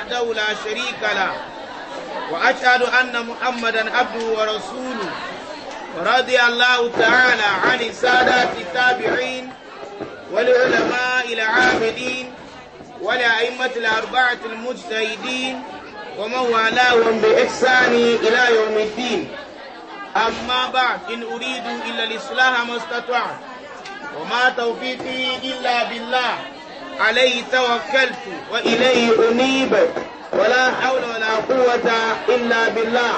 وحده لا شريك له وأشهد أن محمدا عبده ورسوله رضي الله تعالى عن سادة التابعين والعلماء العابدين والأئمة الأربعة المجتهدين ومن والاهم بإحسان إلى يوم الدين أما بعد إن أريد إلا الإصلاح ما استطعت وما توفيقي إلا بالله عليه توكلت وإليه أنيب ولا حول ولا قوة إلا بالله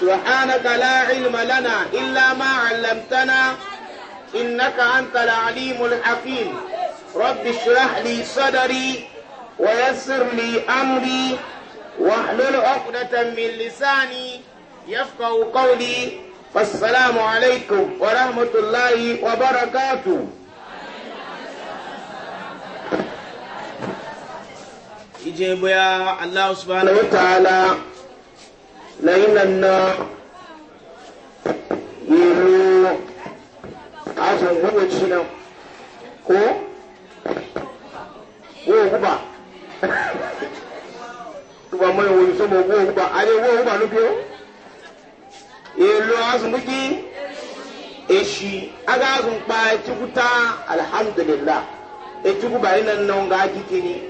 سبحانك لا علم لنا إلا ما علمتنا إنك أنت العليم الحكيم رب اشرح لي صدري ويسر لي أمري واحلل عقدة من لساني يفقه قولي فالسلام عليكم ورحمة الله وبركاته ije boya allah subhanahu wa ta'ala lainan na yiwu azun hukunci cina ko ko huba tuba mai wani sama wo huba ale wo huba nufi o elo azun buki eshi aga azun kpa etikuta alhamdulillah etikuba ina nan ga ajikini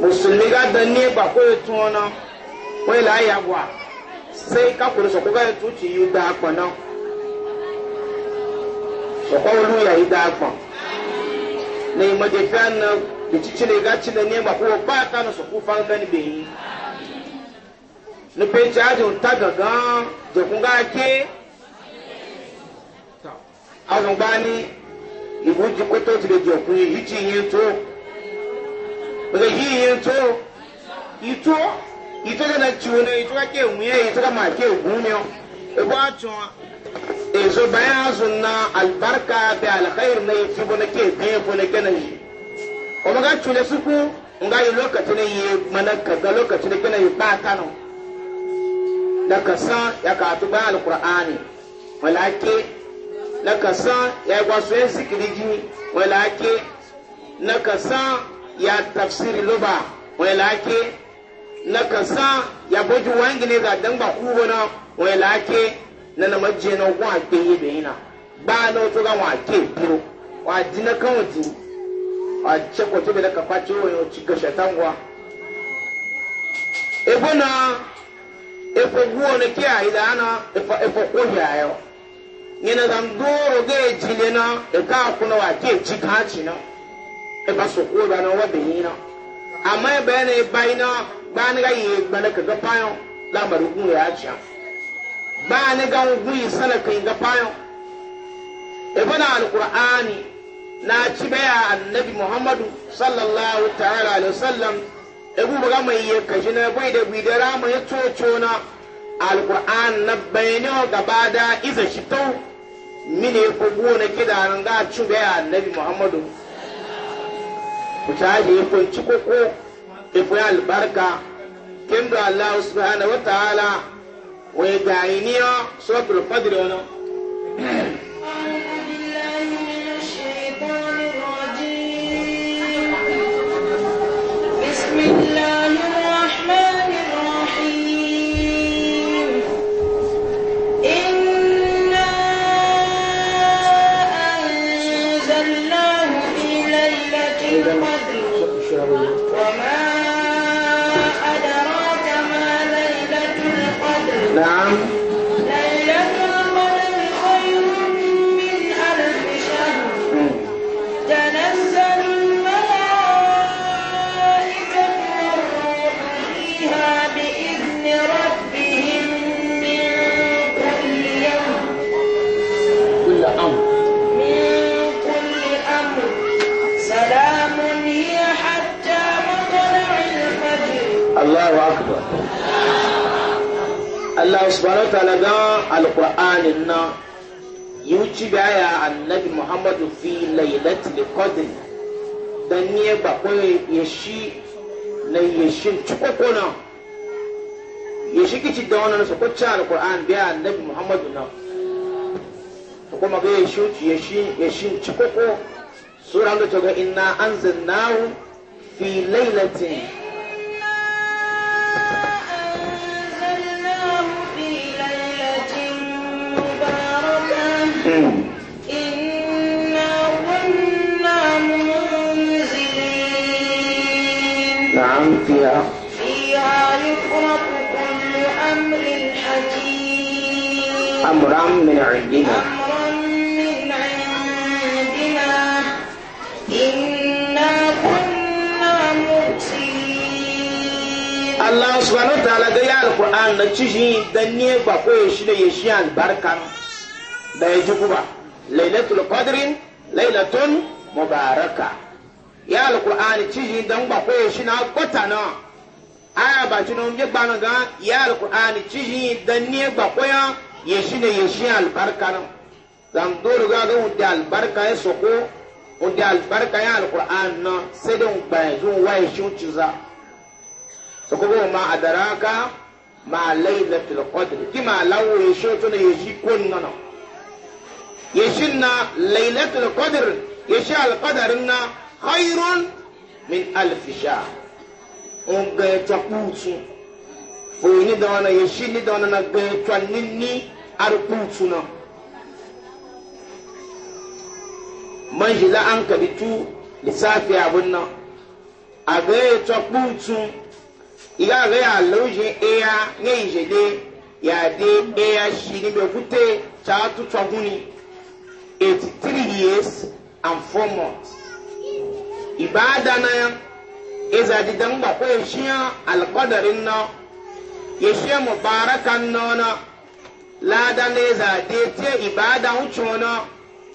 musulmi ka da ne ba ko ye tɔn na ko ye la ya wa se ka kuru sɔkɔ ka ye tu ci yi da kpɔn o sɔkɔ olu ya yi da kpɔn ne ma de fɛn na de titi ne ka ci na ne ba ko ba ta na sɔkɔ fan bɛ ni bɛ yi ne pe cɛ a jɔn ta gangan jɛkun ka ke a zun ba ni ibu ji ko ti de jɔkun yi yi ti yi to daga yi yin to ito ito ga na ci wani ito ga ke wuye ito ga ma ke gumiyo ebo a cewa ezo bayan sunna albarka da alkhair na yi bo na ke biye ko na ke na yi o oh ma ga cule suku nga yi lokaci na yi mana ka ga lokaci na ke na yi ba kano da ka san ya ka tu ba alqur'ani wala na ka san ya gwaso ya zikiri ji wala na ka san ya tafsiri luba wai lake na kansa ya boji wangi ne da dan ba kubo na wai lake na na majje na wa ke yi da ina ba na wato ga wa ke biro wa di na kan wuti wa ce ko to da ka kwace wani yo ga gasha wa ebe na efe guwa guo ke da na e ko e ko yana zan yo nyina doro ga ejile na ka kuna wa ke ci ka na so ko da na wadda yi na amma ya bayan ya bayi na ba ni ga yi gbana ka gafa yau lamar gun ya ci ba ni ga gun yi sana ka yi gafa yau eba na alkur'ani na ci baya annabi muhammadu sallallahu ta'ala alaihi wasallam ebu buga mai yi kashi na bai da da bidara mai coco na alkur'an na bayani gaba da iza shi tau mini ko gona kidaran ga ci baya annabi muhammadu misali kun ci koko albarka kin da Allah subhanahu wa ta'ala wai ga iniyo sotul qadr wani allah subhanahu wa ta'ala da alqur'ani na yiwu ci bi annabi muhammadu fi laylatil qadr dan ne ba ko ya yeshi na yeshin cikoko na yeshi kici da wannan su ko ci alqur'an annabi muhammadu na to kuma ga yeshi yeshi yeshin cikoko sura da ta ga inna anzalnahu fi laylatin نعم فيها فيها يفرق كل أمر حكيم أمرا من عندنا أمرا من عندنا إنا كنا مرسلين الله سبحانه وتعالى قال القرآن نتشي دنيا بقوي شنو يشيع البركة لا يجيبها ليلة القدر ليلة مباركة ya alkur'ani ciji dan ba ko shi na kota na aya ba ci non gba na ga ya alkur'ani ciji dan ne ba koya ya ye shi ne ye shi albarka na dan dole ga ga wudi albarka ya soko wudi albarka ya alkur'an na sai dan ba ya zo waye shi ci za soko go ma adaraka ma lailatul qadr ki ma lawo ye shi to ne ye shi kun na na ye shi na lailatul qadr ye shi alqadarin na khairon min alfisha on ga ta kutu da wana ya da wana na ga ta ninni na man shi la an kabitu lissafi abun nan a ga ya ta ga ya lauje eya ne ijele ya de eya shi be gute ta tutu 83 years and 4 months ibada na ya iza jidan ba ko shiya alqadarin na ya shiya mubarakan lada na iza de ibada hucho na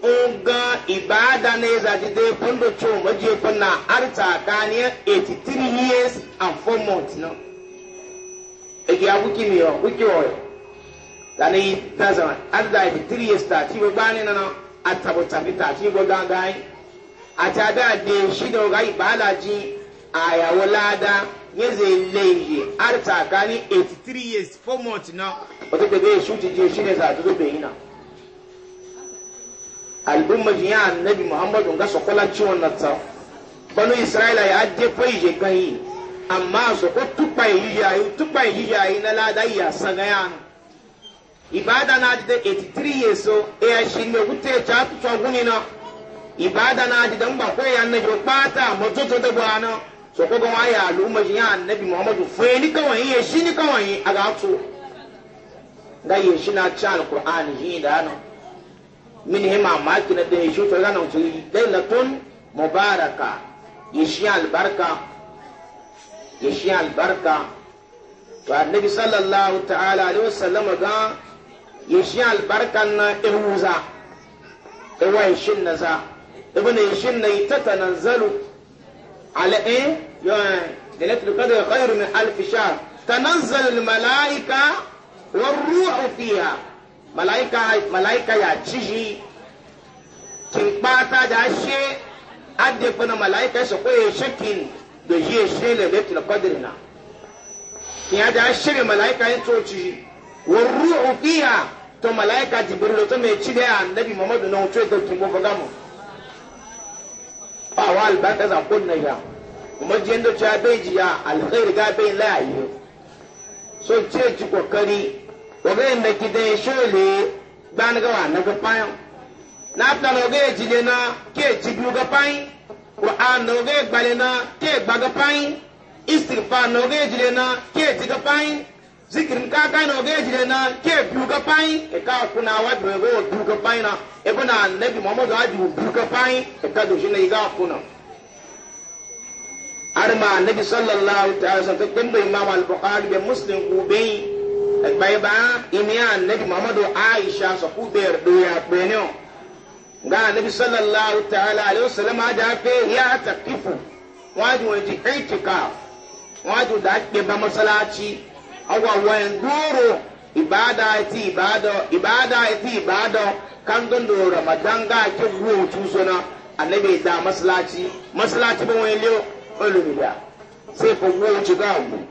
oga ibada na iza jide pondo cho maje na, arta kaniya 83 years and 4 months na eke ya wiki wiki oyo yi tazama 83 years ta na na ta àti adáàdé ṣídà ọ̀gá ìbáàlájì àyàwó láàdá yẹ́nzẹ̀ lẹ́yìn àrítà ká ní eighty three years four months náà. ọtí pẹ̀lú èṣù ti di oṣù mẹ́ta àdúgbò bẹ̀yìn náà. al'ummar ya annabi muhammadu ga sokola ciwon nata banu isra'ila ya jefa yi kan yi amma su ko tupa yi yayi tupa yi yayi na lada ya sana ya ibada na da 83 years o e ya shi ne wuta ya ta tuwa guni na ibada na ji dan ba ko ya na jo pata mo to to da bwana so ko gon aya lu ma ji ya nabi muhammadu fe ni kawai ye shi ni kawai aga to da ye shi na cha alquran yi da no min hima ma ki na da ye shi to ga na to lailatun mubaraka ye shi albarka ye shi albarka to annabi sallallahu ta'ala alaihi wasallam ga ye shi albarkan na ewuza ewa shin na za ابن يشين تتنزل على ايه ليله القدر خير من الف شهر تنزل الملائكه والروح فيها ملائكه ملائكه يا تشي تنباتا داشي ادي فن ملائكه سكو يشكين da yi shi ne da qadr na ya da shirya malaika yin toci wa ruhu fiha to malaika jibril to me ci da annabi muhammadu na wuce da tumbo ga mu fawa albarka za kunna ya kuma jin da cewa bai ji ya alkhairi ga bai layi so ce ji kokari oge inda kide shole gban ga wa na ga payo na ta no ge ji le na ke ji du ga payi qur'an no ge na ke gba ga payi istighfar no ge na ke ji ga zikirin ka ka na oge jire na ke duka pain e ka kuna wa dure go duka pain na e ko na nabi muhammad wa ju duka pain e ka do shine iga kuna arma nabi sallallahu ta'ala sa ta kun imam al-bukhari be muslim ku be e bai ba e imiya nabi muhammad aisha sa ku be er do ya be ne ga nabi sallallahu ta'ala alaihi wasallam ja fe ya taqifu wa ju ji itikaf wa ju da ke ba masalaci awa wenguru ibada eti ibada ibada eti ibada kan dondo ramadan ga ke wo tusona annabi da masallaci masallaci ba wani leo olumida sai ko wo ci ga mu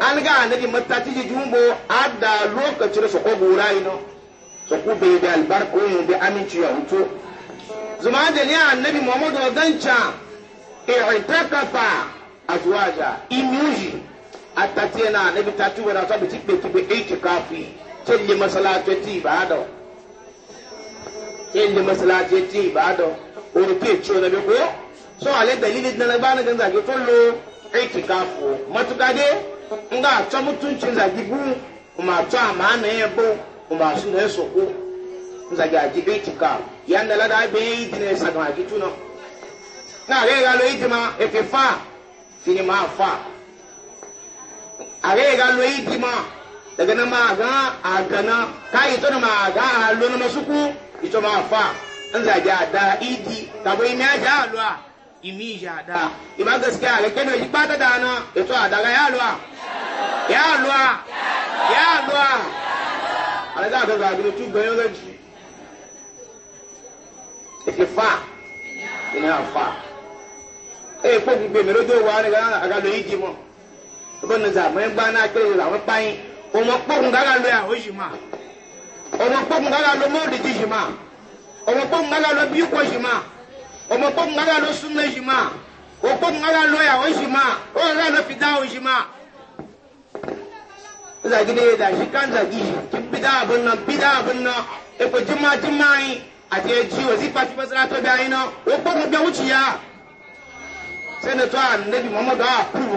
an ga annabi matati ji jumbo adda lokacin su ko gura ino su ku bai da albarko ne da aminci ya huto zuma da ne annabi muhammadu ganca i'takafa azwaja imuji atatiɛ na ne bi tatu wɛrɛ atɔ bi ti kpe kpe eyi kaafi tse nye masalaatsɛ ti ibaa dɔ tse nye masalaatsɛ ti ibaa dɔ orope tso na bi ko so ale dalili dina gba ne ganza ke to lo eyi kaafi o matukade nga atsɔ mutu ntsi zagi bu ma atsɔ ama na yɛ bo ma asu na yɛ soko nzagi adi eyi kaafi ya nala da abe eyi dina yɛ sagama agi tu na na ale yɛ alo eyi dima efe fa fini ma fa ale ga lo yi dima daga na ma ga a gana ka yi to na ma ga a lo na masuku ito ma fa ja da idi ta bo ina ja lo a imi ja da ima gaskiya ale keno yi pata da na ito a daga ya lo a ya lo a ya lo a ale ga ga ga ni tu gbe yo ga ji e fa ina fa e ko gbe mi rojo wa ni ga ga lo yi dimo bọ́n ní zàmọ́ ẹgbẹ́ náà pé làwọn báyìí ọmọ pọ́kùn kára lọ àwọn yìí mà ọmọ pọ́kùn kára lọ mọ́ọ̀dì jì yìí mà ọmọ pọ́kùn kára lọ bíkọ yìí mà ọmọ pọ́kùn kára lọ súnmọ́ yìí mà ọmọ pọ́kùn kára lọ àwọn yìí mà ọmọ kára lọ fìdá àwọn yìí mà. zagide da shi jima jima yi àti ẹjí òsì pàtí pẹ́sẹ́lá tó bí ayiná ó gbọ́dọ̀ bí ọwọ́ tì yá sẹ́ni tó à nẹ́bí mọ́mọ́dọ́ àpúrù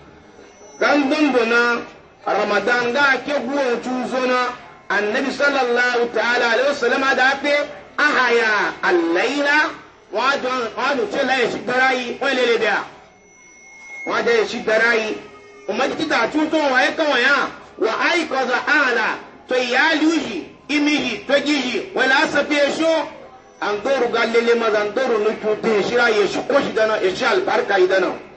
gan dondo na ramadan ga ke guwa tuzo na annabi sallallahu ta'ala alaihi wasallam da pe ahaya al-laila wa don wa do ce la shi garai wa lele da wa da shi garai umma kita tuto wa ya kan ya wa ai kaza ala to ya luji imiji to giji wala safiye sho an doru gallele mazan doru nutu te shira yeshi koshi dana yeshi albarka idana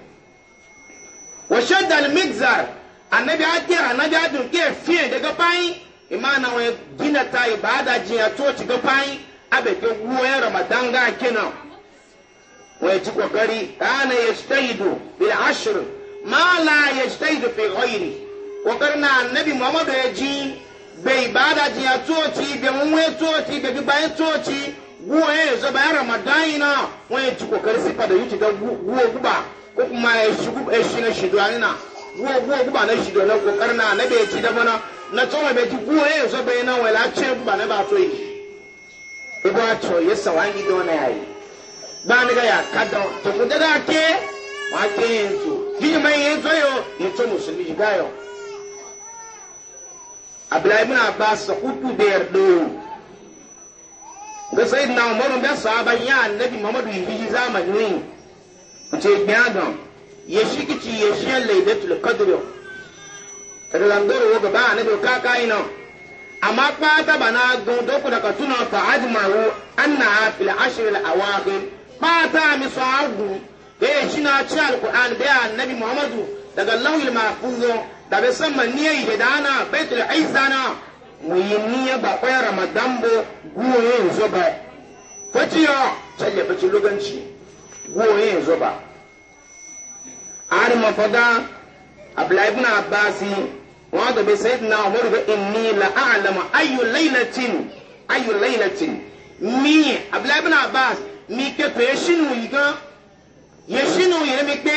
wa shaddal mixar annabi ake annabi adun ke fiye daga bayin imana wa gina ta ibada jiya to ci ga bayin abe ke wuwa ramadan ga kina ci ji kokari kana yastaidu bil ashr ma la yastaidu fi ghairi kokari na muhammadu ya ji bai ibada jiya to bai bai guwa ya ramadan ina sifa da yuci da guwa guba ko kuma ya shigo ya shi na shido ani na guwa guwa guba na shido na kokar na na bai ci da bana na tsoma bai ci guwa ya zo bai na wala ce guba na ba to yi ibo a to ya sawan gido na yayi ba ni ga ya kada to ku da ke ma ke yin to bi mai yin to yo yin to musulmi ga yo abdullahi ibn abbas kutu da yardo ga sayyidina umar bin sahaban ya annabi muhammadu bi zamanin nti gbɛɛdɔn yeshi kici yeshi yɛn lɛ ibe tulu kada langoro wo gaba anabi o kaka yi nan amma ta bana gun doku daga tuna ta aduma wo anna a fili ashiri la ba ta mi sɔn a gun shi na ci da ya nabi muhammadu daga lawil maafuzo dabe sama niye ihe daana baitul aizana mu yi niye ba kwaya ramadan bo guwo yin zuba kwaciyo calle bacin luganci guwo yin zuba ari mafaga abdullahi ibn abbas wọn da bai sayyidina umar ga inni la a'lamu ayu laylatin ayu laylatin mi abdullahi ibn abbas mi ke to yeshinu yiga yeshinu yire mi pe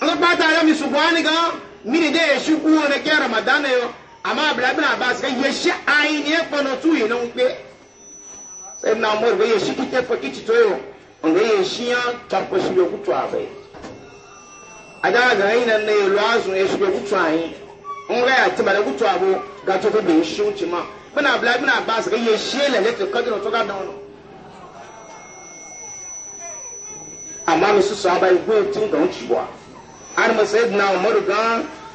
ọlọ pata ara mi ṣùgbọ́n ni gan mi ni de yeshu kú wọn kẹ ramadan yọ àmọ́ abdullahi ibn abbas ka yeshi ayi ni ẹ fọnà tu yìí ló ń pe sayyidina umar ga yeshi kíkẹ fọ kìtì tó yọ ọ̀nà yeshi yẹn tọpọ̀ sí yòókù tó àbẹ̀ adaa ga ayi na nne elu azụ esube kutu anyị nwa ya tibara kutu abụ gato ko bai shi wuce ma muna abla muna ba su gaye shi lalle to kaji no to ga don amma mi su sahaba yi ko tun ga wuce bo an ma sayyidina umaru ga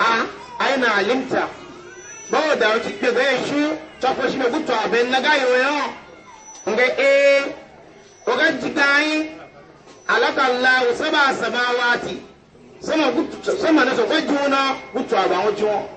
a aina alimta ba da wuce ke ga shi ta ko shi me kutu abin na ga yoyo nga e o ga jikai alaka allah sab'a samawati sama gutu sama na sɔkɔ jiwo na gutu aba ŋo jiwo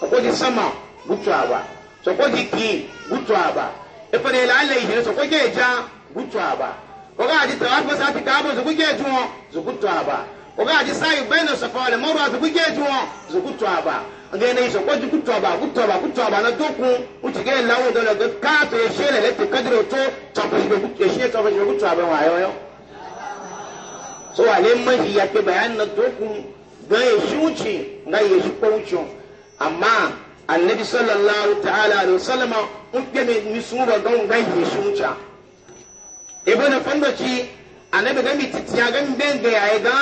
sɔkɔ di sama gutu aba sɔkɔ di kii gutu aba efere la ala yi sɔkɔ jɛ ja gutu aba oga adi tawa fɔ sati ka abo sɔkɔ jɛ jiwo sɔkɔ tu aba oga adi sayi bɛyi na sɔfɔ le mɔri sɔkɔ jɛ jiwo sɔkɔ tu aba nge ne sɔkɔ di gutu aba gutu aba gutu aba na dokun uti ke lawo dɔ la kaa to esie lɛ lɛ te kadiri o to tɔpɔ ebe gutu esie tɔpɔ ebe gutu aba wa yɔyɔ so ale mafi ya ke bayan na toku ga ya shi wuce ga ya shi ko wuce sallallahu ta'ala alaihi wasallam un ke me ni su ba ga ga ya shi wuce ibn fandoci annabi ga mi titiya ga mi ben ga ya ga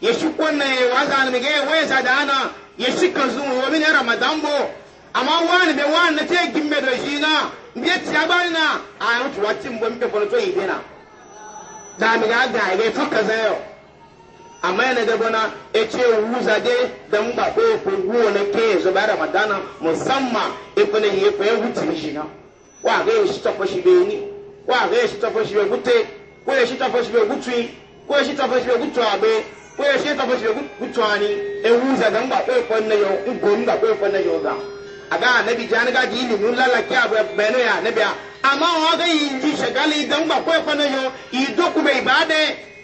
ya shi ko na ya waza ne ga ya waya da ana ya shi kan zu wa min ramadan bo amma wani be wani na te gimbe da shi na mbe tiya ba na a mutu wacin bo mbe fono to yi bena da mi ga ga e ya fa kaza yau amma yana da bana ya ce wuza dai don ba ko kogo na ke zuba da madana musamman ikuna ya fa ya wuce shi na wa ga ya shi tafa shi bai ni wa ga ya shi tafa shi bai gute ko ya shi tafa shi bai gutu ko ya shi tafa shi bai gutu a ko ya shi tafa shi bai gutu a ni ya wuza don ba ko ko na yau in ko ba ko ko na yau ga a ga annabi ga ji ilimin lalaki a bayanu ya annabi amma wa ga yi ji shagali don ba ko ko na yau yi dokubai ba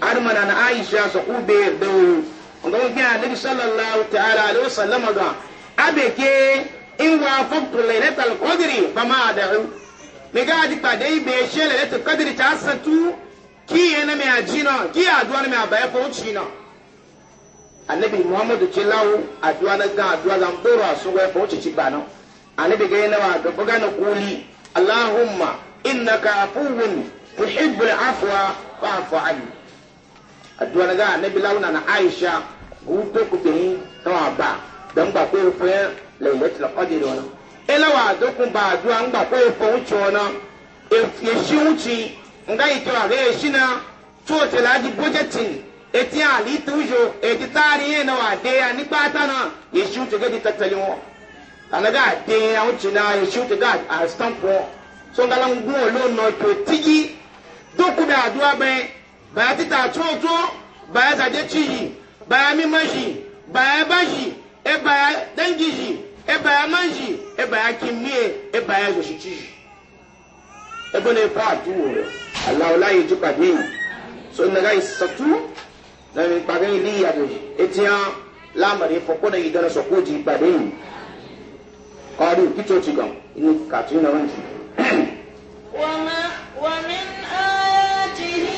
armana na aisha su kube da wuri ga wani gina nabi sallallahu ta'ala alaihi wasallam ga abeke in wa faktu lailatul qadri ba ma da'u mi ga di pade be she lailatul qadri ta satu ki yana me ajina ki aduwa me abaye ko china annabi muhammadu cilawo aduwa na ga aduwa zan boro asuwa ko ci ci bana annabi ga yana wa ga buga na kuli allahumma innaka afuwun tuhibbul afwa fa'fu anni aduwa na ga anabi launa nana aisha gupe kuke yi ta wa ba don ba ko fe lailatul qadr e la wa dokun ba aduwa ngba ko fo uchi na e shi uchi nga ito a re shi na to te la di budgeting eti ali tujo eti taari ye na wa de ni pata na e shi uchi ga di tattali wo anaga de ya uchi na e shi uchi ga a stamp wo so ngala ngun olu no to tigi dokun ba aduwa ben baya tita tsoto baya zade ciji baya mimaji baya baji e baya dangiji e baya manji e baya kimmiye e baya zoshi ciji e bane fa tuwo Allah la yi jikwa bi so na ga isatu e e na mi pagan ili ya do etia lamari foko na idana so koji pade yi qalu kito cigan ni katuna wanti wa ma wa min ayatihi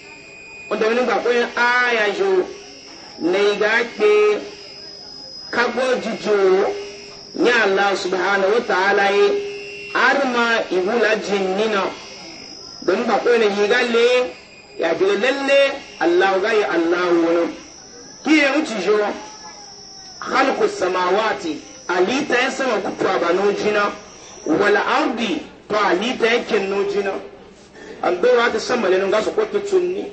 wanda wani ba kuyin aya jo na iga ke kago jijo ni allah subhanahu wa ta'ala yi arma ibula jinnina don ba kuyin yiga le ya bi lalle allah ga yi allah wani ki ya wuce jo khalqu samawati alita ya sama kutuwa ba nojina wal ardi to alita ya kin nojina an bai wa ta sama ne nun ga su kotu tunni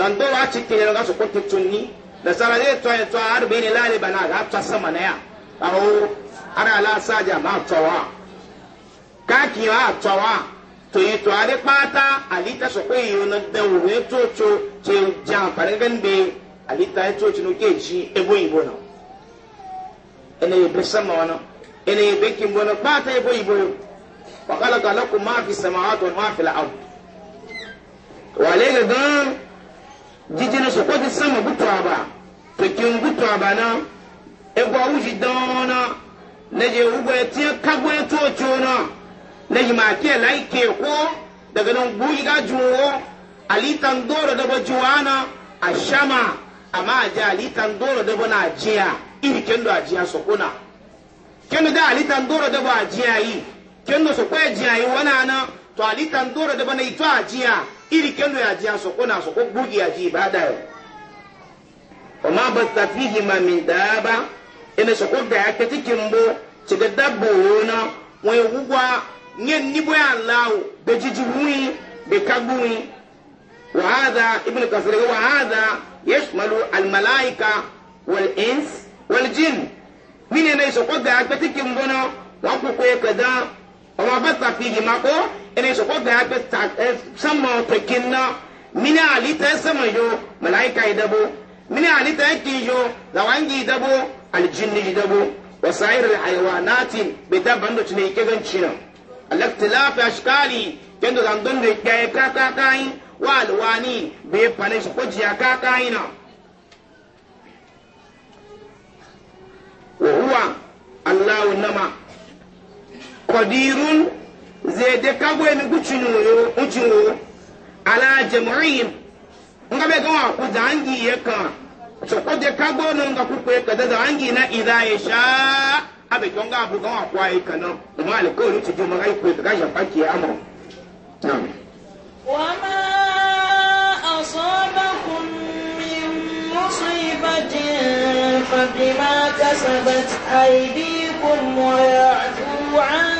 tandoro oh, a ci kere ga su ko tutunni da sarare to ya to har bai ne lale bana ga ta sama na ya aro ara la saja ma tawa ka ki wa tawa to yi to are pata alita so ko yi na da wo ne to to ce ja pare gan be alita ya to ci no ke ji ebo ibo na ene ye be sama wana ene ye be kin bona pata ebo ibo yo wa khalaqa lakum ma fi samawati wa ma fil ard wa alayka gan jijina soko ti sama gutaba pekin gutaba na egwa wuji dana na je ugwa tiya kagwa ya tocho na na yi make laike ko daga nan buyi ga juwo alitan doro da na, a shama amma a ji alitan doro da bana ajiya iri kendo ajiya sokona kendo da alitan doro da ba ajiya yi kendo soko ajiya yi wana na to alitan doro da bana ito ajiya iri kendo ya jiya soko na soko bugi ya ji ibada yau amma ba ta fihi ma min daba ina soko da ya ke cikin bo ci ga na wani gugwa nyen ni nibo ya lawo da jiji wuyi da kaguwi wa hada ibnu kasir wa hada yashmalu al malaika wal ins wal jin mine ne soko da ya ke cikin na wa ku ko ya kaza ọmọ abẹ́ta fi yìí ma kó ẹni sọ̀kọ́ bẹ̀rẹ̀ pé ta ẹ sẹ́mọ̀ pèkì ná mini àlí tẹ́ sẹ́mọ̀ yó mẹ̀láyìíká yìí dẹ́bó mini àlí tẹ́ kì í yó làwáńgì yìí dẹ́bó àlìjìnnì yìí dẹ́bó wọ̀sáyìrì àyẹ̀wò ànáàtì bẹ̀dá bàndó tún yìí kẹ́gẹ́ nkyí nà alẹ́kìtìláfẹ́ àṣìkáàlì kẹ́ndó kàndó ndè kẹ́ẹ́ kákákáyìn wàlúwání bẹ́ẹ̀ pàlẹ́ sọ̀kọ́ jìyà kákáyìn nà. wòhùwà aláwo nàmà qadirun zai de kago ala jam'iyyin nga be gawa ku zangi ya ka so ko de kago no nga ku pe ka da na idha yasha abe jonga abu gawa ku ai kana ma le ko ni ti juma ai ku ga ya paki amro na'am wa ma asabakum min musibatin fa bima kasabat aydikum wa ya'fu 'an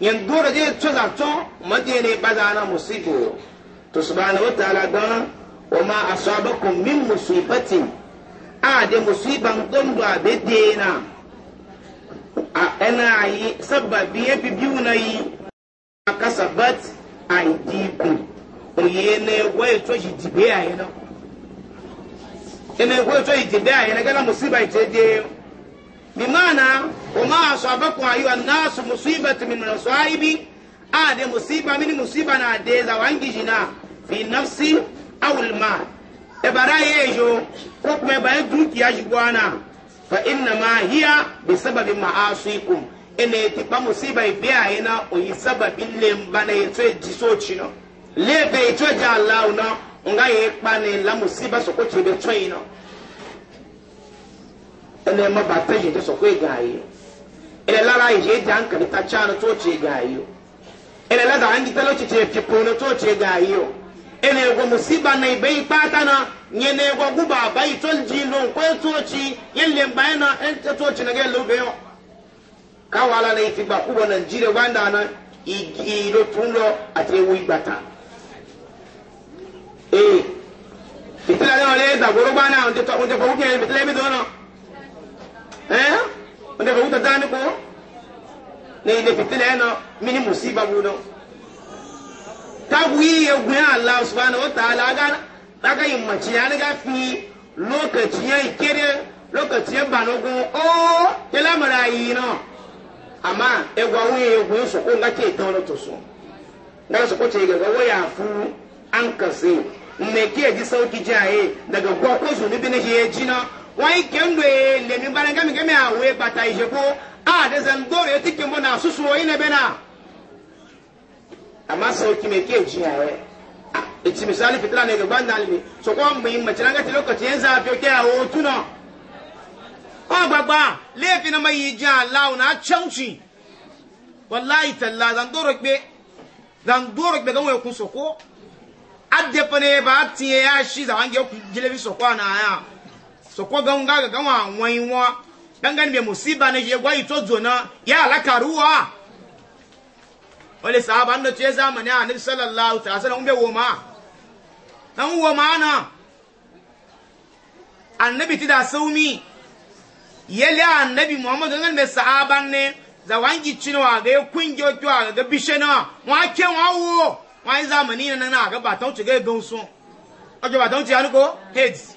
yin dora je tsoza tso madine bazana musibo to subhanahu wa ta'ala dan o ma asabakum min musibatin a de musiban don do a be abedena a ana yi sababi ya fi biyu na yi a kasa bat a kasabat aidiku oye na egwe eto shi jibe a yi na ina egwe eto shi jibe a yi na gana musiba te de بمعنى وما أصابكم أيها الناس مصيبة من المصائب آدي مصيبة من مصيبة نادي زوانجي جنا في النفس أو المال إبرا يجو حكم بين دوكيا جوانا فإنما هي بسبب معاصيكم إن يتبقى مصيبة بيها هنا ويسبب لمبانا يتوي جسوتشنا ليه بيتوي جعلاونا ونغا يقباني لا مصيبة سكوتي بيتوينا ene ma ba e ta jin ta so kwe gaye ene lara je jan ka ta chana to ce gaye ene la da an ji talo ce ce pono to ce gaye ene go musiba na ibe ipata e e na nyene go guba bai tol jin don ko to ci yelle bayana en to ci na ga lobe yo kawala na ifi ba kubo Nigeria wanda na igi lo tun lo àti ewu ìgbàta ee fìtílẹ̀ náà lé dàgbòrò bá náà ń tẹ́tọ́ ń tẹ́tọ́ kókè fìtílẹ̀ mi dùn náà. eh wanda ga wuta dani ko ne ne fitila yana mini musiba mu ta buyi ya guya Allah subhanahu wataala ga daga yimmaci ya ga fi lokaci ya kere lokaci ya banogun o ya lamara yi no amma egwa wuye ya guya ko ngake ta wani to so ko ce ga fu an kase ke ji sauki daga e, gwa ko zunubi ne ji wọ́n yìí kẹ́ńdò yẹ lèmi bala gami gami àwọn yẹ bàtà ko a de zan dóore ti kìnbó na susu wọ́n yìí lè bẹ́ na. àmà sọ kìmẹ̀ kí èjì yà rẹ̀ misali fitila ní gbọ́n dàn lè sọkọ́ mìí mẹ̀tìlá ńgá yẹn àwọn náà. ọ gbàgbà léèfin náà ma yìí jẹ́ aláwọ̀ náà chẹ́ǹtì wàláyì tẹ̀lá gbé bá tiẹ̀ yá sí jẹ́ jẹ́lẹ́bí àná sokwa ga nga ga wa wa inwa dangani be musiba ne je gwa ito zona ya alakaruwa wale sahaba ndo ce zamani a nabi sallallahu alaihi wasallam umbe woma an woma na annabi ti da saumi yele annabi muhammadu ngan be sahaba ne za wangi cinwa ga kungiyo to ga bishena wa ke wa wo wa zamani na na ga ba ta wuce ga gonso ojo ba ta wuce heads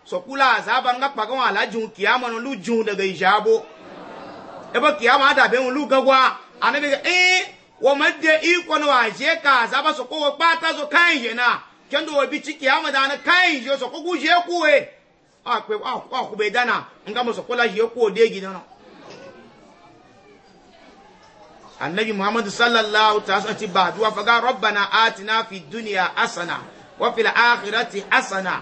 sokula azaba nga kpaga wa jun kiyama eh, no lu jun daga ijabo ebo kiyama da be un lu gagwa anabi ga eh wo madde iko no aje ka azaba soko wa pata zo kan je na kendo wa bici kiyama da na kan je soko ku je ku e a ah, kwe a ah, ah, ku be dana nga mo sokola je ku de gi na annabi muhammad sallallahu ta'ala ati ba duwa faga rabbana atina fi dunya asana wa fil akhirati asana.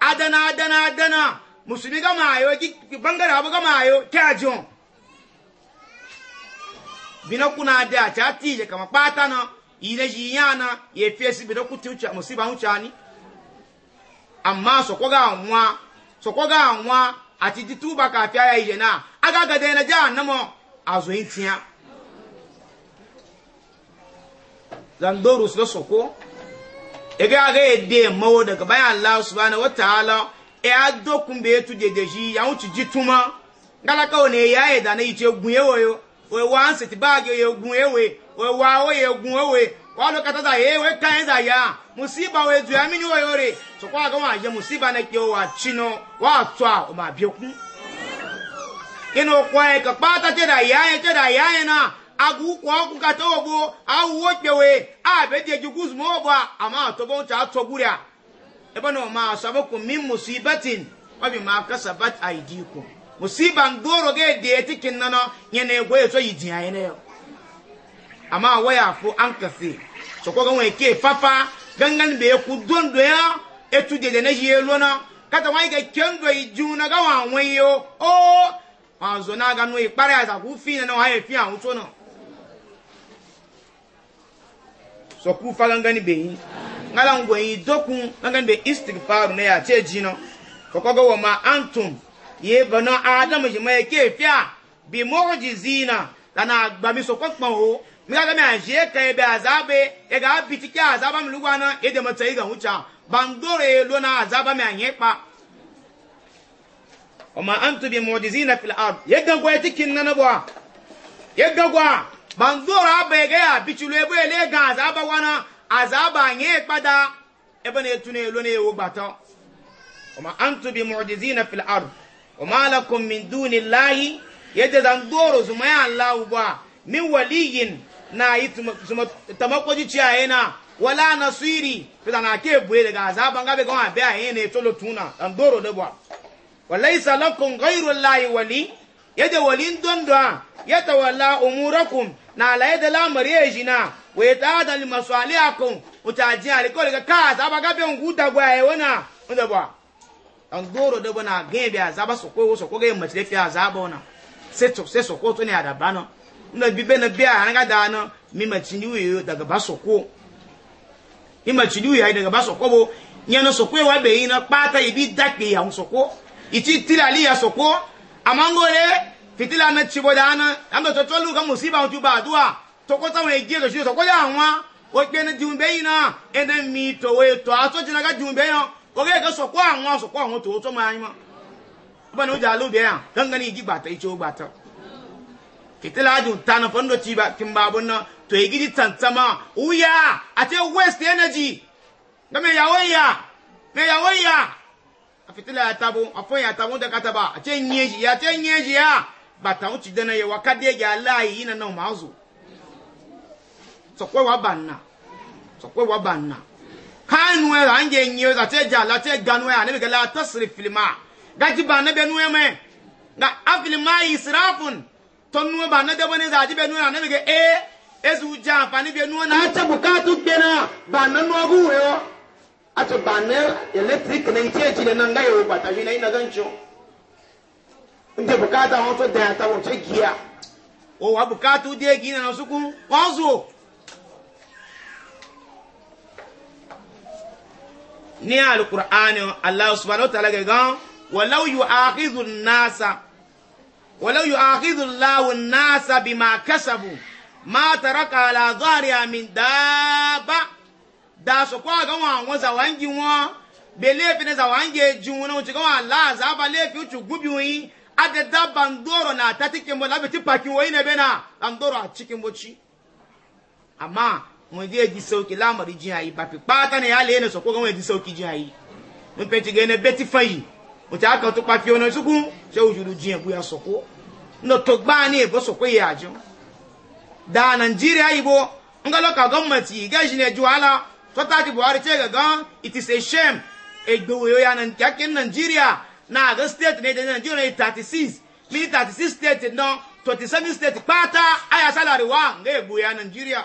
adana adana adana musulmi gama ayo bangare abu gama ayo kyajon bina kuna da ta tije kama pata na ile jiyana ye fesi bina kuti ucha musiba ucha amma so ko ga nwa so ko ga nwa ati dituba ka fi aya ije na aga ga de na ja namo azo intia zandoro so soko ega ga yadda mawo daga bayan Allah subhanahu wa ta'ala e addo kun be tu de deji ya wuci jituma ngala ka ne ya e da na iche gun ewo yo we wa anse ti bag yo gun ewe we wa o ye gun ewe wa lo kata da ye we kan da ya musiba we du amini wo yore so kwa ga wa je musiba na ke wa chino wa twa o ma biokun ino kwa e ka pata te da ya e te da ya e na agụkwu ọgwụ kata ogbo awụwo kpewe abedjiguzmọbụ ama atọbọ ncha atọgburu ya ebe na ma asabokum min musibatin wa bima kasabat aydikum musiba ndoro ge de tikin nano nyene egwe eso yidin ayi ne ama ya fo ankasi so ko gan ke fafa gangan be ku dondo ya etu dede na yelo na kata wa ga kendo ijuna ga wa won yo o azo na ga no ipare asa ku fi na wa e fi awon to na so ku fa gangani be yi ngala ngwe dokun gangani be istighfar ne ya ce jino kokogo wa ma antum ye bana adam je ma ke fia bi mu'jizina lana gba mi so kokpan o mi ga mi anje ka ebe azabe e ga bitike azaba mi lugwana e de mata iga hucha bandore lo na azaba mi anye pa o ma antum bi mu'jizina fil ard yegagwa tikin nanabwa yegagwa bandoro abaghị ya bichulu ebe ele ga aza abawana aza abanye kpada ebe na-etu n'elu na-ewu gbata wama antu bi mu'jizina fil ard wama lakum min duni llahi yadda zandoro zuma ya allah uba min waliyin na yi tamakoji ciyaye na wala nasiri fita na ke buye daga azaban gabe ga wani biya yin ne tolo tuna zandoro da ba walaisa lakum ghairu llahi wali yadda walin don da ya tawalla umurakum na alaye da lamari ya shi na wai ta da maswali akun mutaji a rikon daga ka zaba gabe nguta gwa ya wana wanda ba an goro da bana ganye biya zaba su ko so ko ga mace fiya zaba wana sai to sai so ko to ne a dabba no na bibe na biya an ga da no mi mace ni wuyo daga ba so ko mi mace ni wuyo daga ba so ko bo nyano so ko wa be yi na pata ibi dakpe ya so ko iti tilali ya so ko amangole fìtílà náà tsi bọ́dà ana yàtọ̀ tọ́tọ́ lu ka musiba wọn tu bá àdúrà tọkọtà wọn èjì ètò ìṣòro tọkọtà àwọn o gbé ní dìun bẹ́yìn náà ẹnẹ mi tọ̀ wọ́ ètò àtọ́ jìnnà ká dìun bẹ́yìn náà orí ẹ̀ka sọ̀kọ́ àwọn sọ̀kọ́ àwọn tòwó tó máa yín mọ́ ọba ní ojà alóbi ẹ̀yà gangan ní ìjì gbàtọ̀ ìṣó gbàtọ̀ fìtílà dùn tánà fọ́ńdọ̀ tì kí n bá bọ́ náà tò èyí di tàntàmà wúyà àti west energy gbẹmẹ ìyàwó ya. mẹ ìyàwó ìyà àfìtílà àtàbọ̀ àfọ̀yìn àtàbọ̀ dẹ́kàtàbà àti ẹ̀yìn ẹ̀yìn àti ẹ̀yìn ẹ̀yìn bàtà ń ti dẹ́nà yẹ wà kádé yà láàyè yìí nana ọmọ azò sọ̀kọ́ wà bà nà sọ̀kọ́ wà bà nà káànù ẹ̀ à ń yẹ nyi àti ẹ̀jà àti ẹ̀gà nù ẹ̀ ànábì gẹ́lẹ́ àtọ́sìrì fìlìmà gàjì bà ànábì nù ẹ̀ mẹ́ nga àfìlìmà yìí sìràfùn tọ́nu ẹ̀ bà ànábì bọ́ ní ẹ̀ àti bẹ́ẹ̀ nù ẹ̀ ànábì gẹ́ ẹ́ ezu jẹ́ àǹfààní bẹ́ẹ̀ nù ẹ̀ náà. àti bùkátù gbẹ̀nà bà nánú ọgùn wẹ̀ ọ́ àti bà ní nje bukata wọn tó dẹ̀yà táwọn ṣe giya o wa bukata dé egi nana sukun wọn zò. ní alukur'ani allah subhanahu wa ta'ala gangan walau yu akidu nasa walaw yu akidu lawu nasa bima kasabu ma taraka ala dhariya min daaba da su kwa ga wọn wọn zawangi wọn bẹ lẹfi ne zawangi eju wọn wọn ti ga wọn allah zaba lẹfi wọn ti gubi wọn yi. aga da bandoro na ta cikin mu labi tipakin wai ne bena bandoro a cikin boci amma mun je ji sauki lamari jin ayi ba fi pata ne ya le ne so ko gan ji sauki jin ayi mun pe ga ne beti fayi o ta ka to pa ona suku se o julu jin bu ya so ko no to gba ni e so ko ya jo da nigeria ibo ngalo ka government yi ga jin e juala to ta ti buhari ce ga gan it is a shame egbe yo ya nan kyakin nigeria na aga state ne dana jiro ne 36 mini 36 state no 27 state pata aya salary wa nga egbu ya nigeria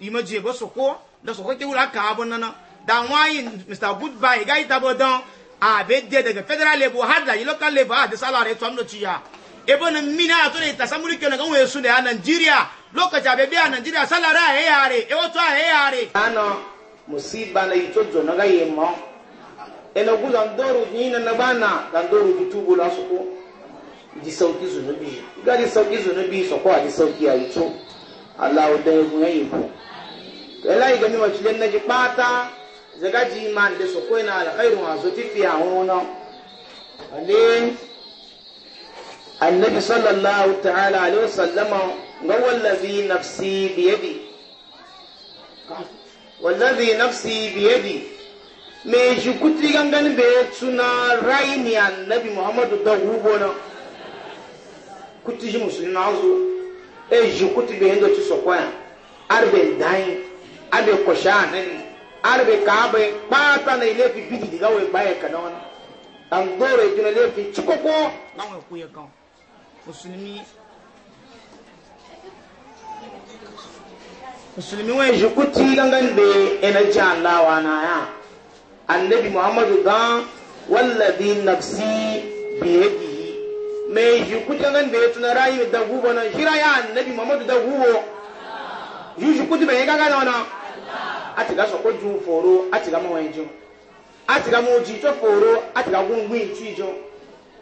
ima je bo soko da soko ke wula ka abun nana da wani mr goodbye ga ita bo don a be de daga federal level har da local level a da salary to amno ciya ebo na mina to ne tasamuri ke na ga we su da nigeria lokaci abe biya nigeria salary a yare e wato a yare ano musiba na ito jono ga yemo ena gu zandoro nyina na bana zandoro kitubu la soko di sauki zunubi ga di sauki zunubi soko a di sauki a yito Allah o dai gun yayi ko ela yi gani mace na ji pata zaga ji man da soko ina alkhairu wa so tifi a hono ale annabi sallallahu ta'ala alaihi wasallama ga wallazi nafsi biyadi wallazi nafsi biyadi mai shi kuti gangan tuna raini annabi muhammadu da hugo na kuti shi musulmi na azu e ji kuti da yadda ci sokoya arbe dayin arbe kwashe anani arbe kaba pata na ile fi bidi diga ya ka na wani an dora ya jina lefi cikoko na wani kuya kan musulmi musulmi wani shi kuti gangan da ya na ji na ya annabi muhammadu gan wallazi nafsi biyadihi mai yi kuta nan da ya tuna rayu da gubo nan shira ya annabi muhammadu da gubo yi shi kuta bai gaga na wannan a ti ga sako ju foro a ti ga mawayin jin a ti ga moji to foro a ti ga gungun ci jin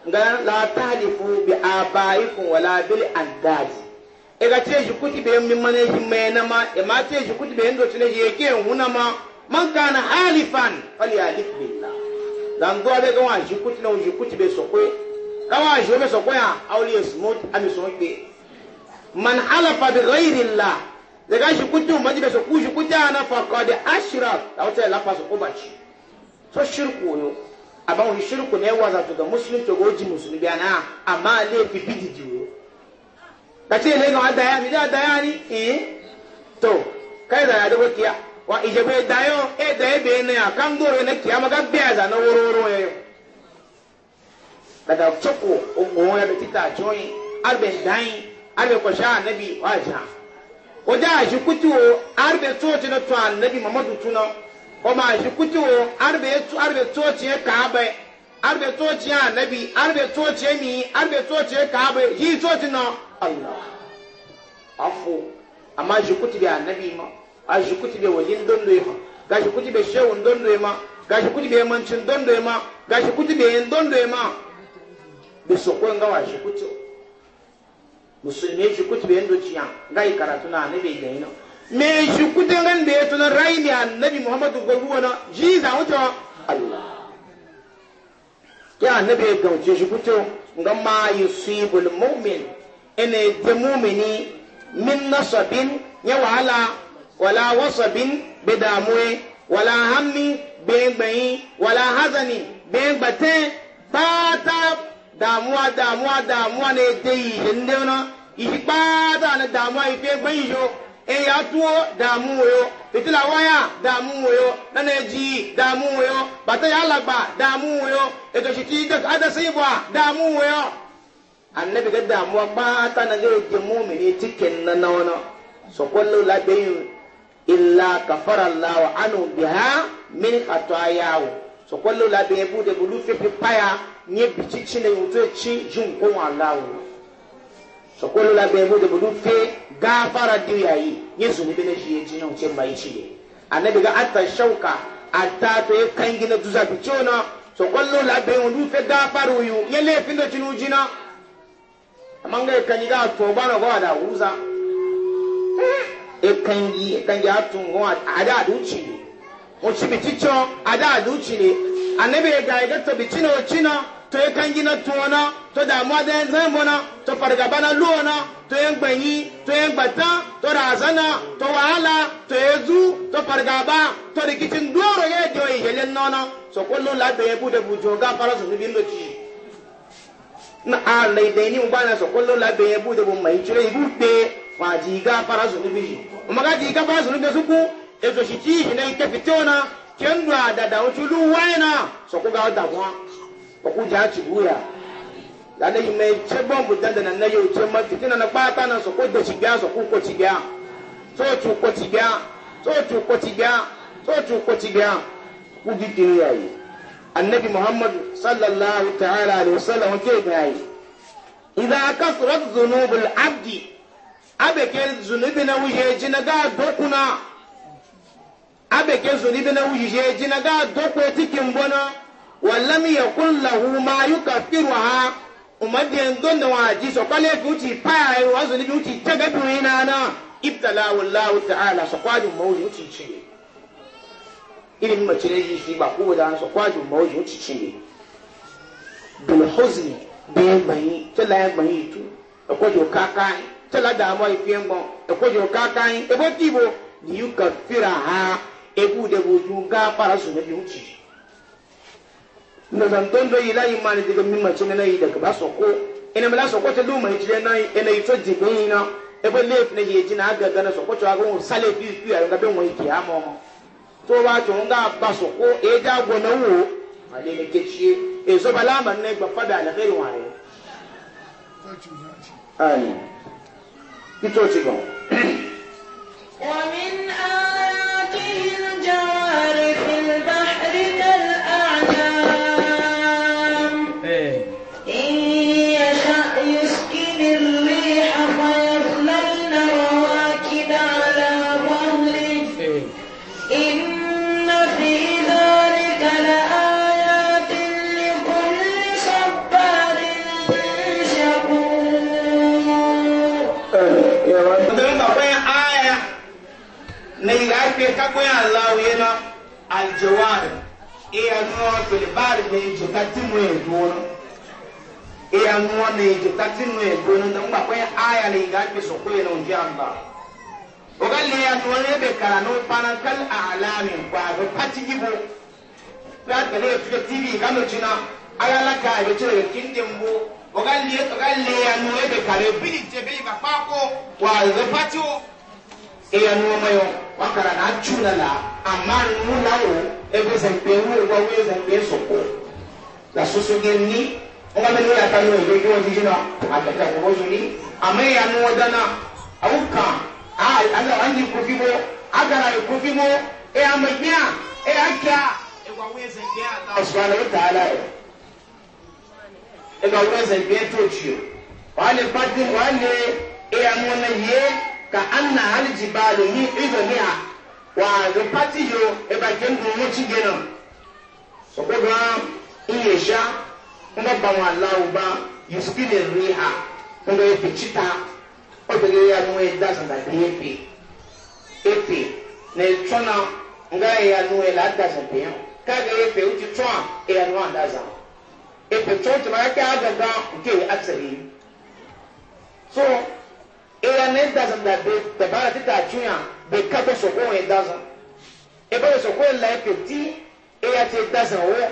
nga la talifu bi abaikum wala bil andaji e ga ce shi bai min mai na ma e ma ce shi ma man kana halifan falyahlif billah zango abe gan wa jikuti na jikuti be sokwe kan wa jo be sokwe a awli yasmut ami so pe man halafa bi ghairi llah daga jikuti mo be sokku jikuti ana faqad ashraf da wata la faso ko bachi so shirku no aban wi shirku ne wa za to ga muslim to go ji muslim bi ana amma le fi bidi jiwo kace ne ga da ya mi da da ya ni eh to kai da ya da kiya wa ijebe dayo e da ebe ne a kan dore ne kiyama ga biya za na woro woro yau daga tsoko ogun ya da tita joyi arbe dai arbe ko sha nabi wa sha o da shi kutuwo arbe tsoci na to annabi muhammadu tuna o ma shi kutuwo arbe tu arbe tsoci ya kaaba arbe tsoci ya annabi arbe tsoci mi arbe tsoci ya kaaba yi tsoci na allah afu amma shi kutubi annabi ma a shi be walin don doye ma ga shi kuti be shehun don doye ma ga shi kuti be yamancin don doye ma ga shi kuti be yin don doye ma be sokon gawa shi kuti musulmi shi kuti be yin dociya ga yi karatu na ne bai gaina me shi kuti ran da ya tunan rai ne annabi muhammadu gwagwa na ji za wuce allah ya annabi ya gauce shi kuti nga ma yusibul mu'min ene de mu'mini min nasabin ya wahala wala wasabin be damuwe wala hammi be gbayin wala hazani be gbate kpata damuwa damuwa damuwa na yi ihe ndị ọnọ ihe kpata na damuwa ife gbayin yo e ya tuwo damuwa yo fitila waya damuwa yo nana ji damuwa yo bata ya alagba damuwa yo eto shiti adasi ibwa damuwa yo annabi ga damuwa kpata na ga eje mumini cikin na na ọnọ sokwallo labeyin illa kafara Allah anu biha min khatayahu so kullu la bi bu de bulu fi fi paya ci ne chine yuto chi jun ko Allah so kullu la bi bu de bulu fi gafara di yayi nye zuni be ne shi ji nan ce mai ci annabi ga atta shauka atta to e kangi na duza bi chona so kullu la be bulu fi gafaru yu nye le fi no chinu jina amanga kanyi ga to bana go ada uza eh ekanyi ekanyi atun wọn ada aduchi ne wọn ci bi cicɔ ada aduchi ne anabi ega ega to bi cina o cina to ekanyi na tun na to damuwa da zan bɔ na to fargaba na lo na to ye gbanyi to ye gbata to razana to wahala to ezu to fargaba to rikicin doro ye jɔ yelen nɔna sɔkolo labɛn ye bu de bu jɔ ga fara sɔsɔ bi lo na a lɛdɛni mu ba na sɔkolo labɛn ye bu de bu mayi cire i b'u kpee. wa ji gafara zunubi shi kuma ga ji zunubi su ezo shi ci shi nan ke fito na ken da da da so ga da kuma ko ku ja ci buya da mai ce bombu da na yau ce fitina na bata na so da ci so ko ci so tu ko ci so tu ko ci so tu ko ci ga ku ji din yayi annabi muhammadu sallallahu ta'ala alaihi wasallam ke ga yi idza kasrat dhunubul abdi abeke zunubi na wuhe ji na ga dokuna abeke zunubi na wuhe ji na ga dokwe cikin gona wallam yakun lahu ma yukaffiru ha umadiyan don da waji so kwale guti paya wa zunubi uti taga duina na na. ibtala wallahu ta'ala so kwaji mawji uti ci irin mace ne shi ba ko da so kwaji mawji uti ci bil huzni bi mai tala mai tu akwai kaka tala damuwa ife ngbọn ekojo kakan ebo tibo ni yu ka fira ha ebu de bo ju ga para su ne bi uti na zan don do ila yi mani diga min mace ne na yi daga ba soko ina mala soko te lu mai tire na ina yi to jibin na ebo lef ne ye jina aga gana soko to agun sale bi bi ya ga ben won ki amo to wa to nga ba soko e da go na wo ale ne ke ci e so bala man ne ba fa da alheri wa ne Amin. Kitò ti gan. jawari iya nuwa filibari mai jota tinu e ya gona a nuwa mai jota tinu ya gona da mba kwaya aya ake so na unji amba ogalle a nuwa a ba ga pati gibo ya tale ya tv ga mutuna ala ka ya tire kindin bo ogalle o ya nuwa bai kare bi o eya nuwama yɔ wakara na atu na la ama nu la wo ebe zɛnkpe wo wa wo zɛnkpe sɔkɔ la soso ge ni wɔn bɛ n'oya ta n'oye ebe wɔn didi na agbata wo wɔzu ni ama eya dana awo kan a ala wa nyi kofi mo agara yi kofi mo eya megbea eya kia ewa wo zɛnkpe ata ɔsoro ala o ta ala yɛ ewa wo zɛnkpe to tsi wa le pati wa le eya na yie. ka anna alijibalu ni izonia wa zo pati yo e ba ke ngun mo chige na so ko ga iye sha ngo ba wa lawo ba yuskini riha ngo e pichita o te ya no e da san da epe epe ne tona nga e ya no e la da san pe ka ga epe u ti tona e ya no da san epe tona ti ma ka ga ga nke atsari so eya ne dazan da be da bara ti ta chuya be kato to so ko e dazan e be so ko e la e pe ti eya ti e dazan wo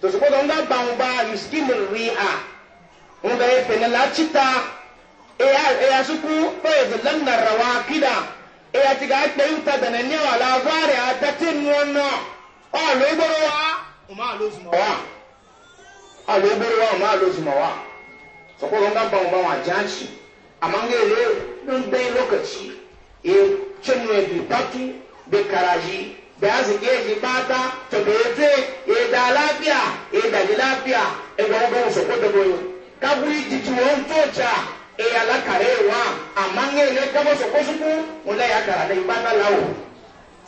to so ko don ga ba ba miskin ri a un ga e pe la chita eya eya su ku pe de lan na rawakida eya ti ga pe uta da ne ne wala gware a ta ti nu no o lo gboro wa o ma lo sumo wa a lo gboro wa o ma lo sumo wa so ko don ga ba ba wa janchi amma ga ile ɗin dai lokaci e cin ne bi taki bi karaji da ya zike ji bata ta bete e da lafiya e da ji lafiya e ga wani wasu ko da goyo ka guri jiji wani tocha e ya la karewa amma ga ile ka ba su ko su ku wala ya kara da ibada lawo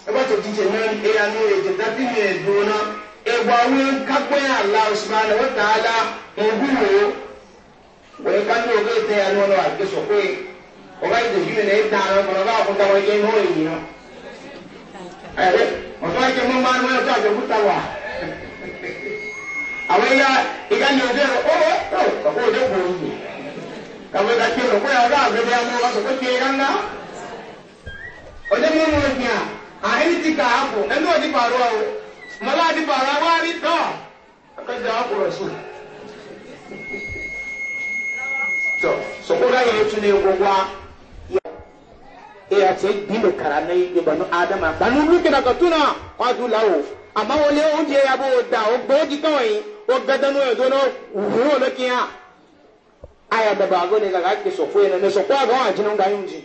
e ba to jije nan e ya nure je da bi me dona e gwa wi ka ko ya Allah subhanahu wa ta'ala e guri wòye kánú òkè tẹ ẹnu ọlọ àti sọkò yẹ ọba ìdè fún mi nà ẹta àwọn ọmọ ọba àkúta wọn yẹ ẹnu òyìn nà ẹrẹ ọtọ ẹkẹ mọ mbà mọ ẹtọ àti òkúta wà àwọn ẹyà ìyá ni ọdẹ ọ ọ ọkọ òde kò wù mí kàwé ká tiẹ lọkọ yà ọdọ àgbẹbẹ àmọ ọba sọkò tiẹ yà ńlá ọdẹ mi mọ ẹgbẹ à ẹni ti kà á kù ẹni ọdí pàrọ ọ mọlá ọdí pàrọ àwọn tɔ sɔkɔda yɛ tun ne wɔwa e y'a cɛ bi le kara ne ye banu adama banu lu kina ka tuna. na k'a t'u la o a ma wale o jɛ y'a b'o da o gbɛɛ di kama ye o bɛɛ da n'o ye don dɔ wuro ne kiya a y'a daba a ko ne ka k'a kɛ sɔfo yen ne sɔfo a kan a jinɛ ka ɲi ji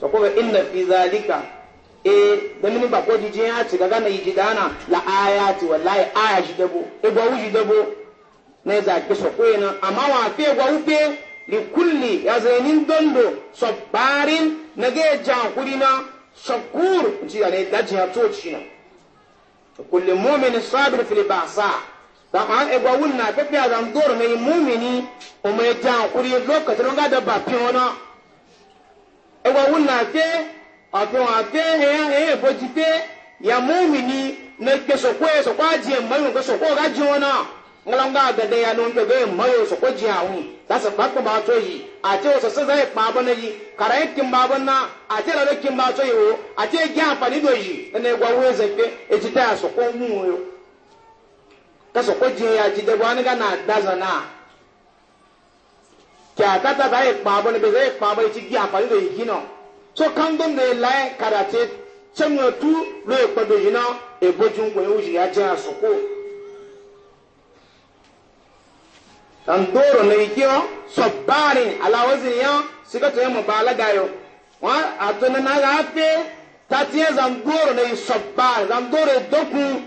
sɔfo bɛ i na fi zaali kan ee dɛmini ba ko di diɲɛ a ti ka ka na yi di daana la aya ti walayi aya si dɛ bo e bɔ wusi dɛ na za ki so ko yana amma wa fe gwa rufe li kulli ya zainin dondo sabbarin na ga jankuri na shakur ji ne daji ya to ci na kulli mu'min sabir fil ba'sa da ma e gwa na fe ya zan dor mai mu'mini o mai jankuri lokacin ga da ba fi wona e gwa wun na fe a fe wa fe he he ya mu'mini na ke so ko so kwa ji mai ko so ko ga ŋlɔŋgbà gbɛdɛ ya ló ń gbɛ bɛyɛ mɔ yóò sɔkò jìn àwọn lásì kpakpɔ bá tó yìí àti yóò sɔ sísan yìí yìí kàrà yìí bá àti bá tó yìí àti àǹfààní yìí pé etí ń o jì da zan nà kì àtà tà bá yìí kpaa na bɛyɛ yìí kpaa bɔnɛ etí gé àǹfààní dò yìí nɔ tan doro na ikiyo sobarin alawazin yan sika to yamma balaga wa na ga fe tatiye zan doro na sobar zan doro doku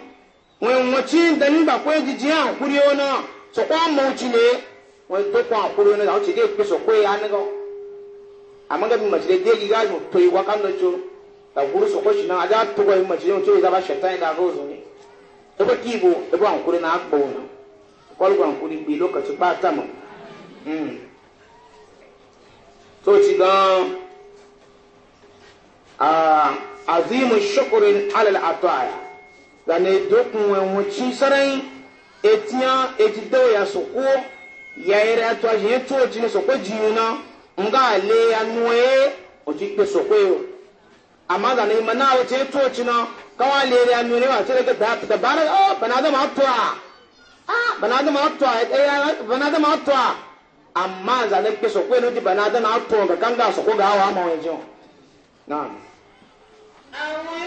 wen wachi da jijiji ba ko jiji an kuri ona so kwa mo chi ne wen to kwa kuri ona o chi de so ya ne go amaga bi machide de ga to yi wakan no jo ta guru so ko shi na aja to ko yi da ba shetan da to kibo ba an kuri kwalgwan kuri bi lokaci ba ta mu to don azimu shukurin alal atoaya da ne dokun wenwuci sarai etiya eti dawaya soko ya yi ratu ajin ya to ci ne soko ko na nga le ya nuwe oji pe soko ko yo amma da ne mana wace ya to na kawai le ya nuwe ne ba ce daga da bara o oh, bana zama to a banadama atɔ ɛyɛ banadama atɔ a amma zane kpe sɔkpɛ no di banadama atɔ nga kanga sɔkɔ ga awa ama wɔn naam. awo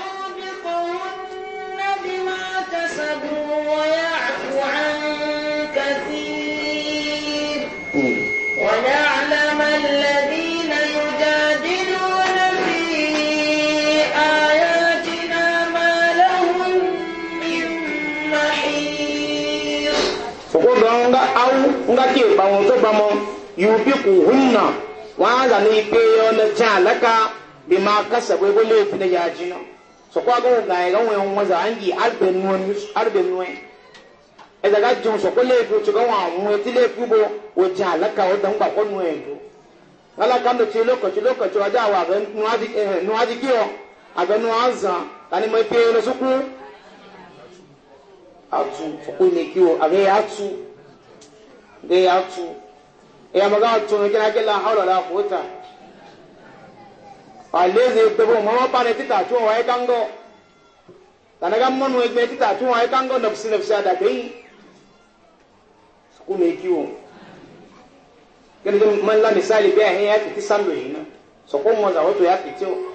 nga ke ba wọn tó ba mọ yubi ku hunna wọn zà ní ipe ọ̀nà jẹ́ àlẹ́ka bí máa kásà bó ebó léèfì ní yà á jí náà sọ̀kọ́ agbóhùn gàn ẹ̀rọ wọn wọn zà á ń yí àgbẹ̀nu ẹ̀ ẹ̀dá ká jẹun sọ̀kọ́ léèfì tó kọ́ wọn àwọn etí léèfì bó wọ́n jẹ́ àlẹ́ka ọ̀dọ̀ ńgbà kọ́ nu ẹ̀ dùn alakando tsi lɔkɔtsi lɔkɔtsi wadze awo abe nuadi ɛhɛ nuadi kiɔ abe nua zan tani mɛ pe e lɔsuku atu fɔku ne kiɔ abe atu da ya tu ya maga tu ne kina kila hawla la quwwata alezi to bo mo pa ne tita tu wa kango tanaga mo no egbe tita tu wa kango nafsi nafsi ada dei ku ne kiwo kene man la misali be he ya ti sando ina so ko mo za wato ya ti o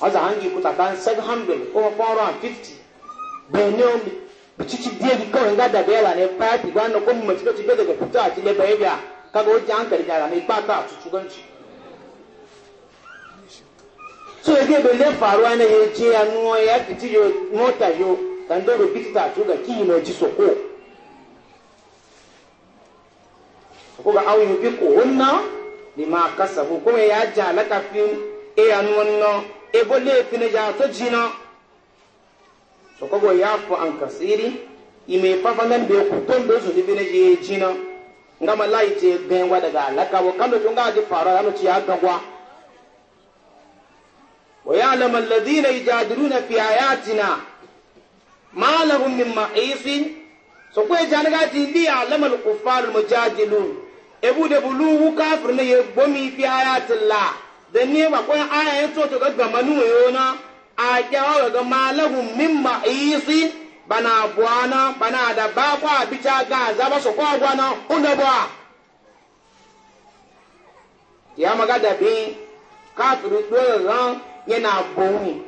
aza hangi kuta kan 700 ko 450 bene o cici diye bi kawai ga da da yawa ne fa ti ba na ko mu ci ci daga fito a cile bai ga kaga wajen hankali da ne ba ta su shuganci so yake bai le faruwa ne ya ce ya nuwa ya fiti yo mota yo kan da rubi ta su ga ki no ji soko ko ga awu yubi ko wonna ni ma kasabu kuma ya jalaka fi e ya nuwa no e bo le fi ne ya to jina sokogo ya fo an kasiri ime fafa nan be ku ton do su dibi ne je jina ngama laite wa daga alaka wo kando to ngaji fara ano ci agagwa wa y'a lam alladhina yajadiluna fi ayatina ma lahum min ma'isin ko e ga ti y'a ya'lamu al kufar al-mujadilun ebu de bulu kafir ne ye gomi fi ayatillah da ne ba ko aya y'a to ga gamanu yona a kyawa ga malahun min ma'isi bana buwana bana da ba kwa bica ga za ba su kwa gwana unga bwa ya maga da bi ka turu dole ran yana boni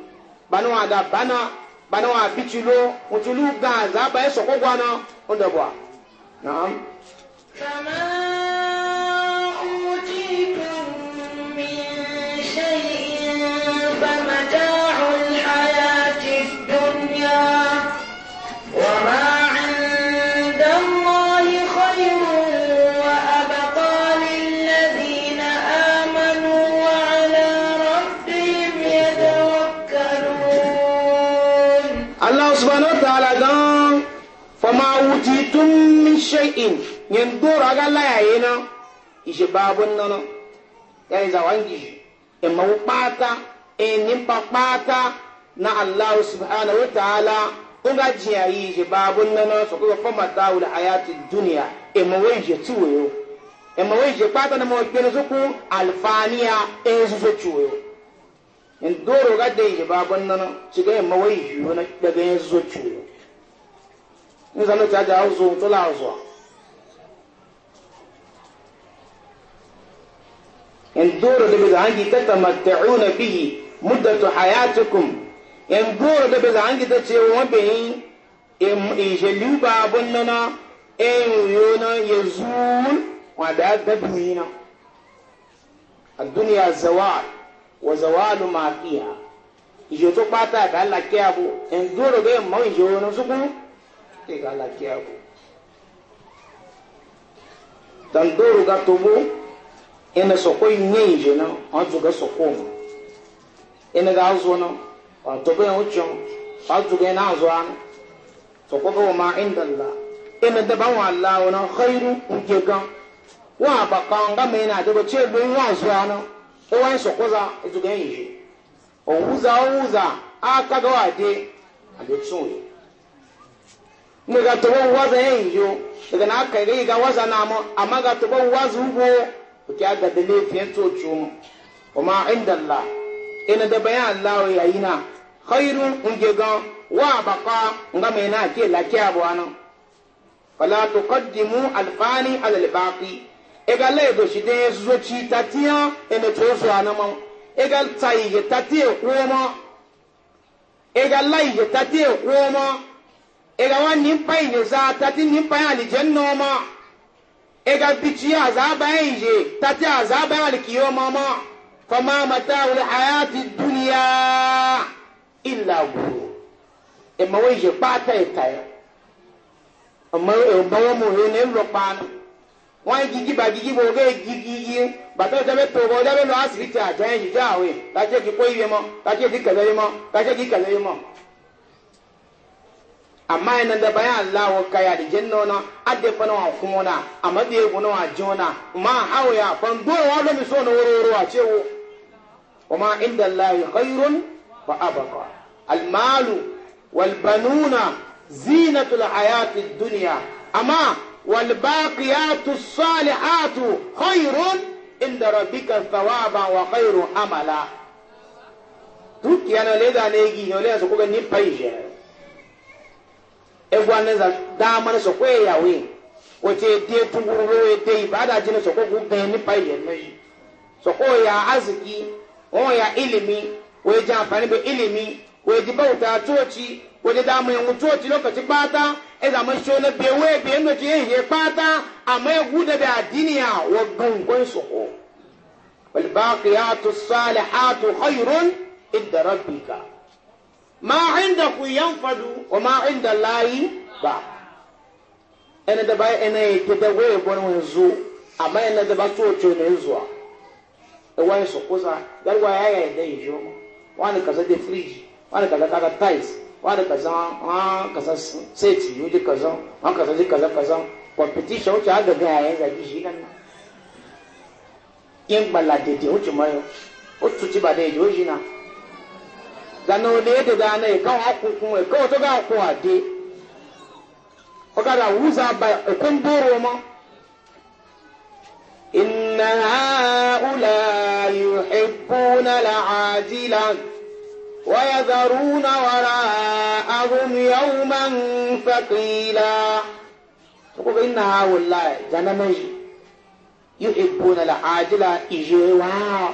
bana wa da bana bana wa bicilo mutulu ga za ba su kwa gwana bwa na'am شئتم من شيء يندور على لا يعينا إيش بابن نو يعني زوانجي إما وقاتا إن يمبقاتا نا الله سبحانه وتعالى Nga jiya yi je babun nan e e na so ko fama tawu da hayati duniya e mo je tuwe yo e je pata na mo gbe so alfaniya e so so tuwe yo doro ga de je babun nan so ga mo we ju na daga en so tuwe nígbà ló ti ajá ọ̀zọ̀ tó láàzọ̀ ẹ̀ndóòrò lè bẹ̀rẹ̀ àǹgì tẹ́tà màtẹ̀rún bí i múdàtò hayatukum ẹ̀ndóòrò lè bẹ̀rẹ̀ àǹgì tẹ́tà ṣe wọ́n bẹ̀yìn ìṣèlú bá abọ́ nínú ẹ̀yìn yóò náà yẹ zuun wọn àdá gbẹ̀bù yìí náà àdúnyà zawal wọ zawalu máa fi hàn ìṣètò pátá àdá làkẹ́ àbò ẹ̀ndóòrò bẹ́ẹ̀ mọ́ ìṣòro náà sókún i lafiya ku dan doro ga tobo soko na aju ga soko mu ina ga azu na wato ga ucho na azu an soko ga ma inda la ina da ban wa na khairu uje ga wa ba me na da ce azu an o wa za ga o ga wa de a ne ga to waza yin yo daga na kai yi ga waza na mu amma ga to bon waza ugo ku ta ga da ne fiye to chu kuma inda Allah ina da bayan Allah ya yina khairun unge ga wa baqa nga mai na ke la ke abu anan fala tuqaddimu alfani ala albaqi ega le do shi de zo chi tatia ene to so anama ega tai ye tatia ko ega lai ye tatia ko ega wa nimpa ije za tati nimpa ya alijanna ma ega bici azaba ya ije tati azaba ya alkiyoma ma fama mata wuli hayati dunia illa guru ema wa ije pata itaya amma eba wa mu hene lo pana wọn gigi ba gigi bo ge gigi bàtà ìjọba tó bọ ọjọ́ bẹ́ẹ̀ lọ asibiti àjẹyìn jíjẹ àwìn lájẹ́ kí kó iye mọ́ lájẹ́ kí kẹlẹ́ yìí mọ́ lájẹ́ kí kẹlẹ́ yìí mọ́. amma yana da bayan Allah wa kaya da janna na adde fa na kuma na amma da yego na jona ma hawaya ban do wa da miso na woro wa cewo kuma inda Allah khairun wa abqa al malu wal banuna zinatul hayati dunya amma wal baqiyatu salihatu khairun inda rabbika thawaba wa khairu amala duk yana leda ne gi yole su kuga ni paije egwa ne za dama ne sokwe ya we wote de tunguru we de ibada jine sokwe ku be ni pa ye ne sokwe ya aziki o ya ilimi we ja afani be ilimi we di bauta tochi we de dama ye mutochi lokaci bata e da mun shone be we be no ji ye bata amma e gude be adiniya wo gun gun sokwe والباقيات الصالحات خير عند ربك ما ku yanfadu wa ma inda layi ba ene da ba ene ke da goye gwan wanzu amma ene da ba ne zuwa e wani e su kusa garwa ya da yi jo wani kaza da fridge wani kaza kaza tais wani kaza ah kaza seti yuji kaza an kaza ji kaza kaza competition ta ga ga ya zaki shi kan yin balladete o ti mayo o tuti ba da yi jo na zana ole ede gana e kawo akwụkwọ e kawo to ga akwụ ade ọ gara wuza ba ekun buru mo inna haula yuhibbuna al'ajila wa yadharuna wara'ahum yawman faqila ko inna haula zana mai yuhibbuna al'ajila ije wa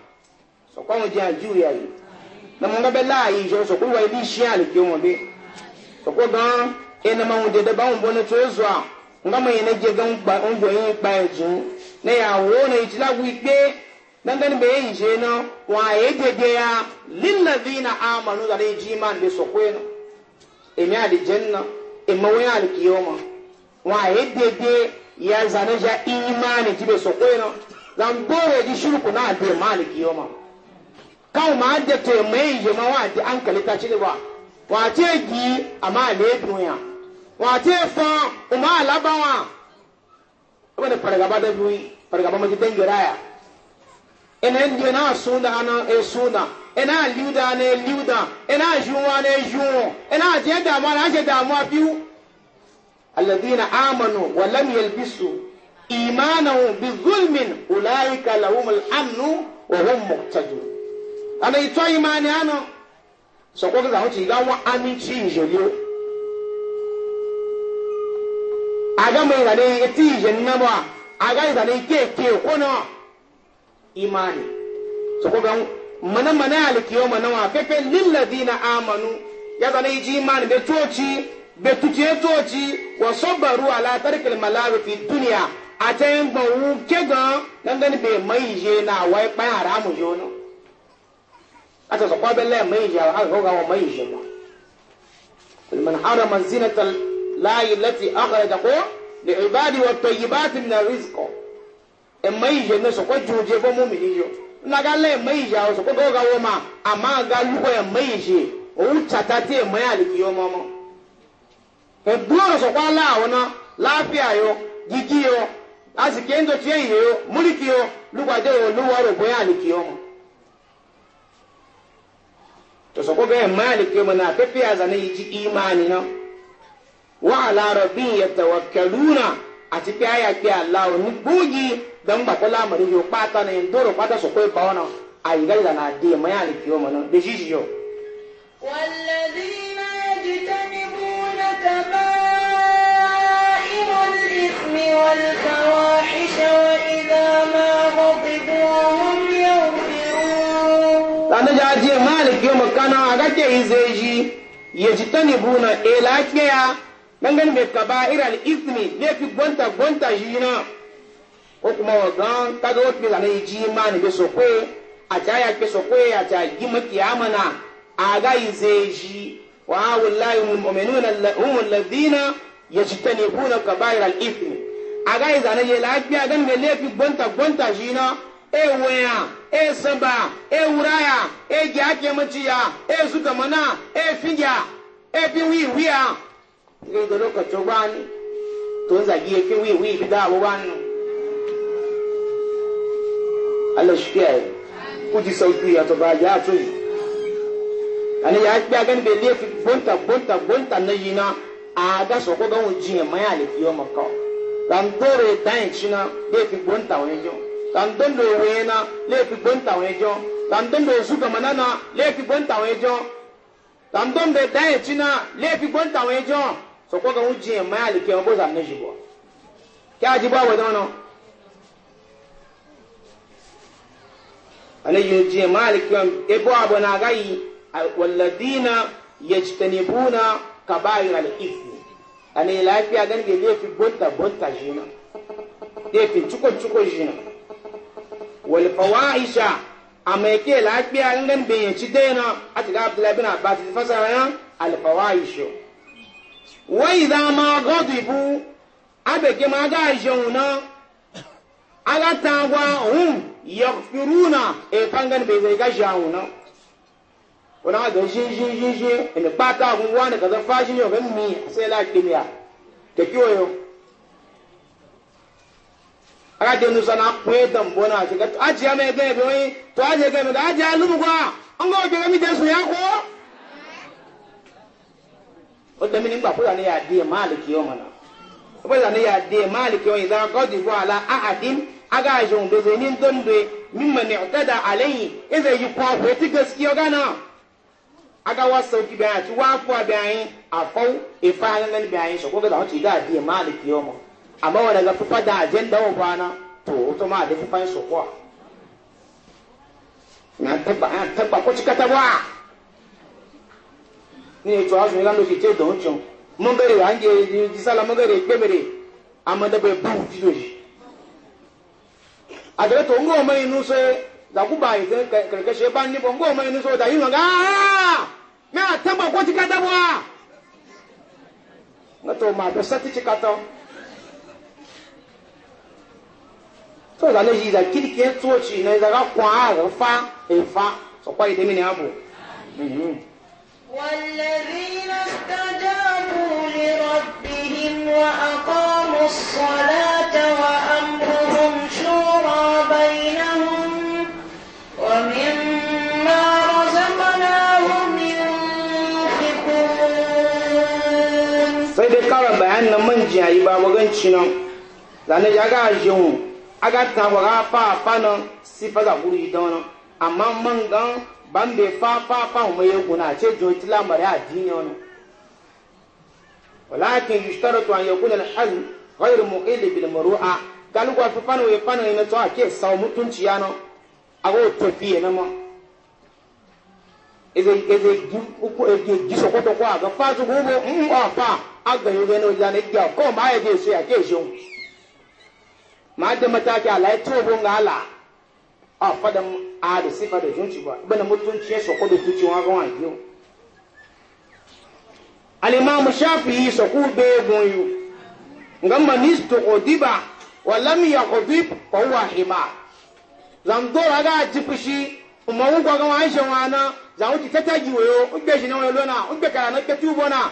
sọ̀kọ́ àwọn jẹ́ àjíwèé àyè na mo ń gbẹ́ láàyè ìṣòro sọ̀kọ́ wà ibi iṣẹ́ àlèké wọn bí sọ̀kọ́ gan ẹni máa ń dẹdẹ báwọn bọ́ ní tó zọ à ń gbà mọ̀ yẹn ní jẹ́ gan ń gbọ̀ yín pa ẹ̀jìn ní ìyàwó ní ìtìláwó ìgbé dandan bẹ́ẹ̀ yìí ṣe náà wọn àyè dèdè ya lílàbí na àmàlú tàbí ìjì máa lè sọ̀kọ́ yẹn èmi àlejẹ́ náà èmi wọ́n yẹn àlèké wọn mọ̀ wọn àyè dèdè ya zanija ìyí máa lè jí bẹ́ẹ̀ sọ̀kọ́ yẹn náà làǹdóòrè di ṣùrùkù náà dé máa lè kí wọn kan ma da te mai jama wa da an kalita shi ba wa ce gi amma ne duniya wa ce fa kuma labawa wani fargaba da biyu fargaba maji dangiraya ina ndiyo na suna ana e suna ina liuda ne liuda ina juwa ne juwo ina je damuwa na je damuwa biyu alladhina amanu wa lam yalbisu imanahum bi zulmin ulaika lahumul amnu wa hum muqtadun ana ito imani ano so kwa kaza hoci ga wa aminci jeliyo aga mai yi ne jenna ba aga da ne keke ke kono imani so kwa ga mana mana alikiyo mana wa pepe lil na amanu ya da ne imani be toci be tutie toci wa sabaru ala tarkil malawi fi dunya yin gbawu kegan dangan be mai je na wai pa haramu ata sɔkɔ abɛlɛ ma yi yàrá hali hɔga wɔ ma yi zɛ ma kulimani harama zinata laayi lati akaraja ko le ibadi wa tɔyibaati na rizikɔ ɛma yi zɛ ne sɔkɔ juuje bɔ mu mi ni yɔ naga lɛ ɛma yi yàrá sɔkɔ dɔw ka wɔ ma a ga lukɔ ɛma yi zɛ òun tata ti ɛma yi alikiyɔ ma ma ɛbulo sɔkɔ ala awɔ na laafiya yɔ jiji yɔ asike ndo tiɛ yi yɔ muliki yɔ lukwajɛ yɔ luwari bonya alikiyɔ ma to so koga malik yo mana pe piya zane yi imani na wa ala rabbi yatawakkaluna ati pe aya pe allah ni buji dan ba kola mari yo pata ne ndoro pata so ko ba ona ayi ga na de malik yo mana be shi yo والذين يجتنبون كبائر الإثم والفواحش وإذا ما zane ja je malik yo a aga ke izeji ya ji tani buna e lafiya ya dan gani be kaba'ir al ismi ne fi gwanta gwanta jina ko kuma wa gan kaga wata zane ji mani be sokwe a ta ya ke sokwe a ta gi makiyama na aga izeji wa wallahi mu'minuna hum alladhina yajtanibuna kaba'ir al ismi aga izana ye lafiya gan be lefi gwanta gwanta jina e ya? e saba e wuraya e ji ake mace ya e su gamana e finya e fi wiwi ya ga ga lokacin wani to ya fi wiwi Allah shi kiyaye ku ji sauki ya to ba ya to yi na ya ki ga ni be fi gbonta gbonta gbonta na yi na a ga so ko ga won ji ya ma ya le fi yo makka dan dore dan china be fi bonta won yo tàǹdóńdó ìwé e na léèfi gbóǹtàwọn ẹjọ́ tàǹdóńdó òṣùgbọ̀mọ̀nà na léèfi gbóǹtàwọn ẹjọ́ tàǹdóńdó dáyẹ̀tì na léèfi gbóǹtàwọn ẹjọ́ sọ̀kọ́ ń jiyàn máa àlìkẹ́ wọn bó ní ṣùgbọ́ kí a jí bọ́ àwọ̀ dáná. ale yi jiyàn máa àlìkẹ́ wọn ebó àbọ̀ náà aga yìí wàlladínà wal fawahisha amma yake lafiya gangan bin yanci daina a tiga abdullahi bin abbas da fasara ya al fawahishu wa idza ma ghadibu abeke ma ga jona ala tagwa hum yaghfiruna e kangan be zai ga jona wana ga shi shi shi shi ne pata gun wani kaza aga je nusa na kwe da mbo na shiga aji ya mai ebe bai to aji ga mai aji ya lumu kwa an ga oge mi ya ko o da mini ba kula ne ya de maliki yo mana ba da ne ya de maliki yo idan ka di ko ala ahadin aga je un ni ne yi kwa ko ti aga wa wa kwa bayan afau ga da hoci da de maliki yo amma wani ga fufa da ajenda wa bana to wato ma da fufa kuwa na tabba an tabba ko cika ta ba ni e tuwa sun lando ke don cin mun gare an ge ji sala mun gare mere amma da bai bu a da to ngo mai nu se da ku ban ni ngo mai nu so ga ko cika ta ma da sati cika ta so zane yi za kirki ya tsoci na zaga kwa ga fa in fa so kwa ide mini abu والذين استجابوا لربهم وأقاموا الصلاة وأمرهم شورى بينهم ومما رزقناهم ينفقون سيدي قال بأن من جاي بابا غنشنا لأن جاكا جون aga wa ga pa pa no si fa ga guru idon no amma mangan ga ban be fa fa fa mu ye kuna ce jo tila mari adini ono walakin yushtaratu an yakuna al-hazm ghayr muqil bil muru'a kalu kwa fa no ye fa no ne to ake sa mutunci ya no ago to fi ne mo eze eze gi uko ege gi so ko to kwa ga fa zu go mo mm fa aga ye ne o ja ne ga ko ma ye ge so ya ke so ma da mataki ala ya tobo ga ala a fadan a da sifa da junci ba bana mutunci ya sako da tuci wa ga wani yau alimamu shafi'i sako be gonyu ngamma nisto qodiba wa lam yaqdib fa huwa hima zan dora ga jifishi umma wugo ga wani shawana zan wuce tataji wayo ugbe shi na wani lona ugbe kana na ke tubona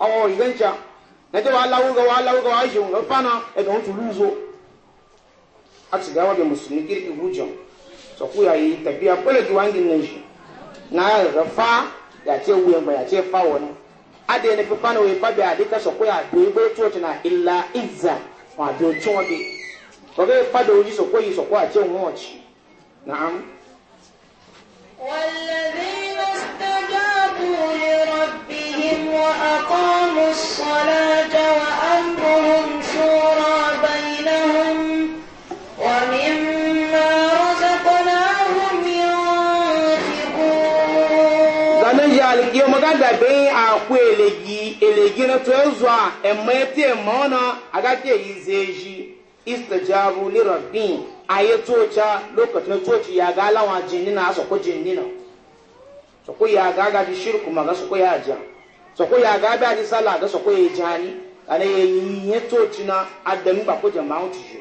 àwọn ìgbẹ́ntsá nàìjẹ́ wàá láwó gan wàá láwó gan wàá yẹ̀wò ẹ̀fánà ụzọ. ń tulu zo àti Musulmi bẹ mùsùlùmí kiriki wú jọ tàbí akpẹ́lẹ̀ kí fa ni na ìlà ma wọn àdó tó wọn bi sọkú yìí fábíà yi Wal lezina stagabu li rabbihim Wa akamu salaja Wa anbuhum sura beynahom Wa minman razakonahom ya fikou istajabu li rabbin aye tocha lokacin toci ya ga lawa jinnina so ko jinnina so ko ya ga ga di shirku maga so ko ya ja so ko ya ga ba di sala ga so ko ya jani kana ye yin toci na adam ba ko jama'u ti je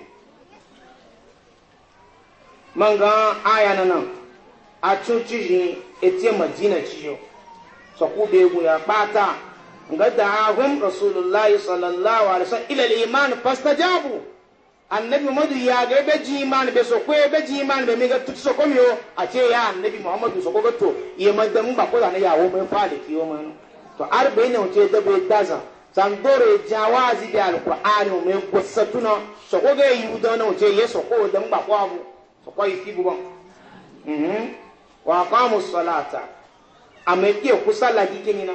manga aya na nan a tun ci je madina ci yo so ko be gu ya pata nga da hum rasulullahi sallallahu alaihi wasallam ila iman fastajabu annabi muhammadu ya ga ebe ji imani be so ko ebe ji imani be mi ga tutu so ko ya annabi muhammadu so ko ga to ye ma da mun ba ko da na ya wo mun fa le ki o mun to arbe ne o te da be dazan san dore jawazi bi alqur'ani o mun ko satuna so ko ga yi da na o te ye so ko da mun ba ko abu so ko yi ki bu bon mhm wa aqamu salata ameke ku sala ki kinina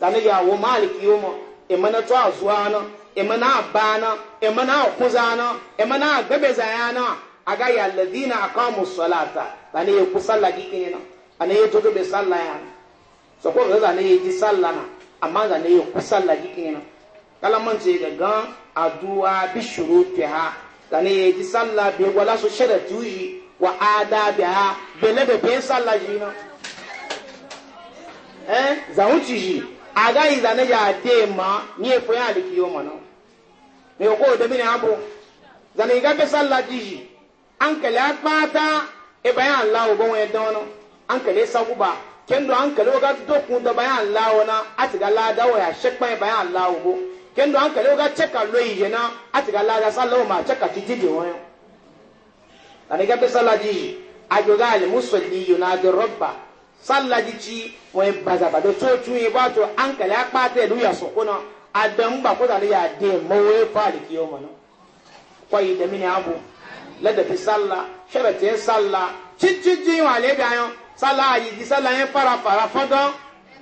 na ya wo maliki o mo e to azuwa na emana bana emana kuzana emana gabe zayana aga ya alladhina aqamu salata bane ya kusalla gike na bane ya toto be salla ya so ko ga zane ya ji salla na amma zane salla kusalla gike na kala man ce ga gan addu'a bi shurutiha zane ya ji salla be wala su sharatu yi wa adabiha be ne be be salla ji na eh zawuci ji aga yi zane ya de ma ni e ko ya aliki yo mana da ko da mini abu zan yi gabe sallah jiji an kale akpata e bayan Allah gon ya dono an kale sakuba kendo an kale ga dokun da bayan Allah na atiga lada wa ya shekpa bayan Allah go kendo an kale ga cheka loyi je na atiga da sallah ma cheka tijiji won zan yi gabe sallah jiji ajoga al musalli yunadi rabba sallah jiji wa bazaba do to tun yi ba to an kale akpata e lu ya sokuna adam ba ko da ya de mawe fa da kiyo mana kwai da mini abu la da fi salla sharate salla ciciji wa le da yo salla yi di salla yen para para fodo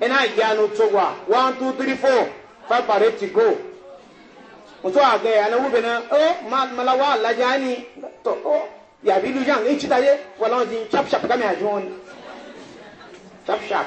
ina e yanu togwa 1 2 3 4 fa pare ti go mutu aga ya na wube na o ma malawa la jani to o ya bi lu jan e chitaye wala on din chap chap kame ajon chap chap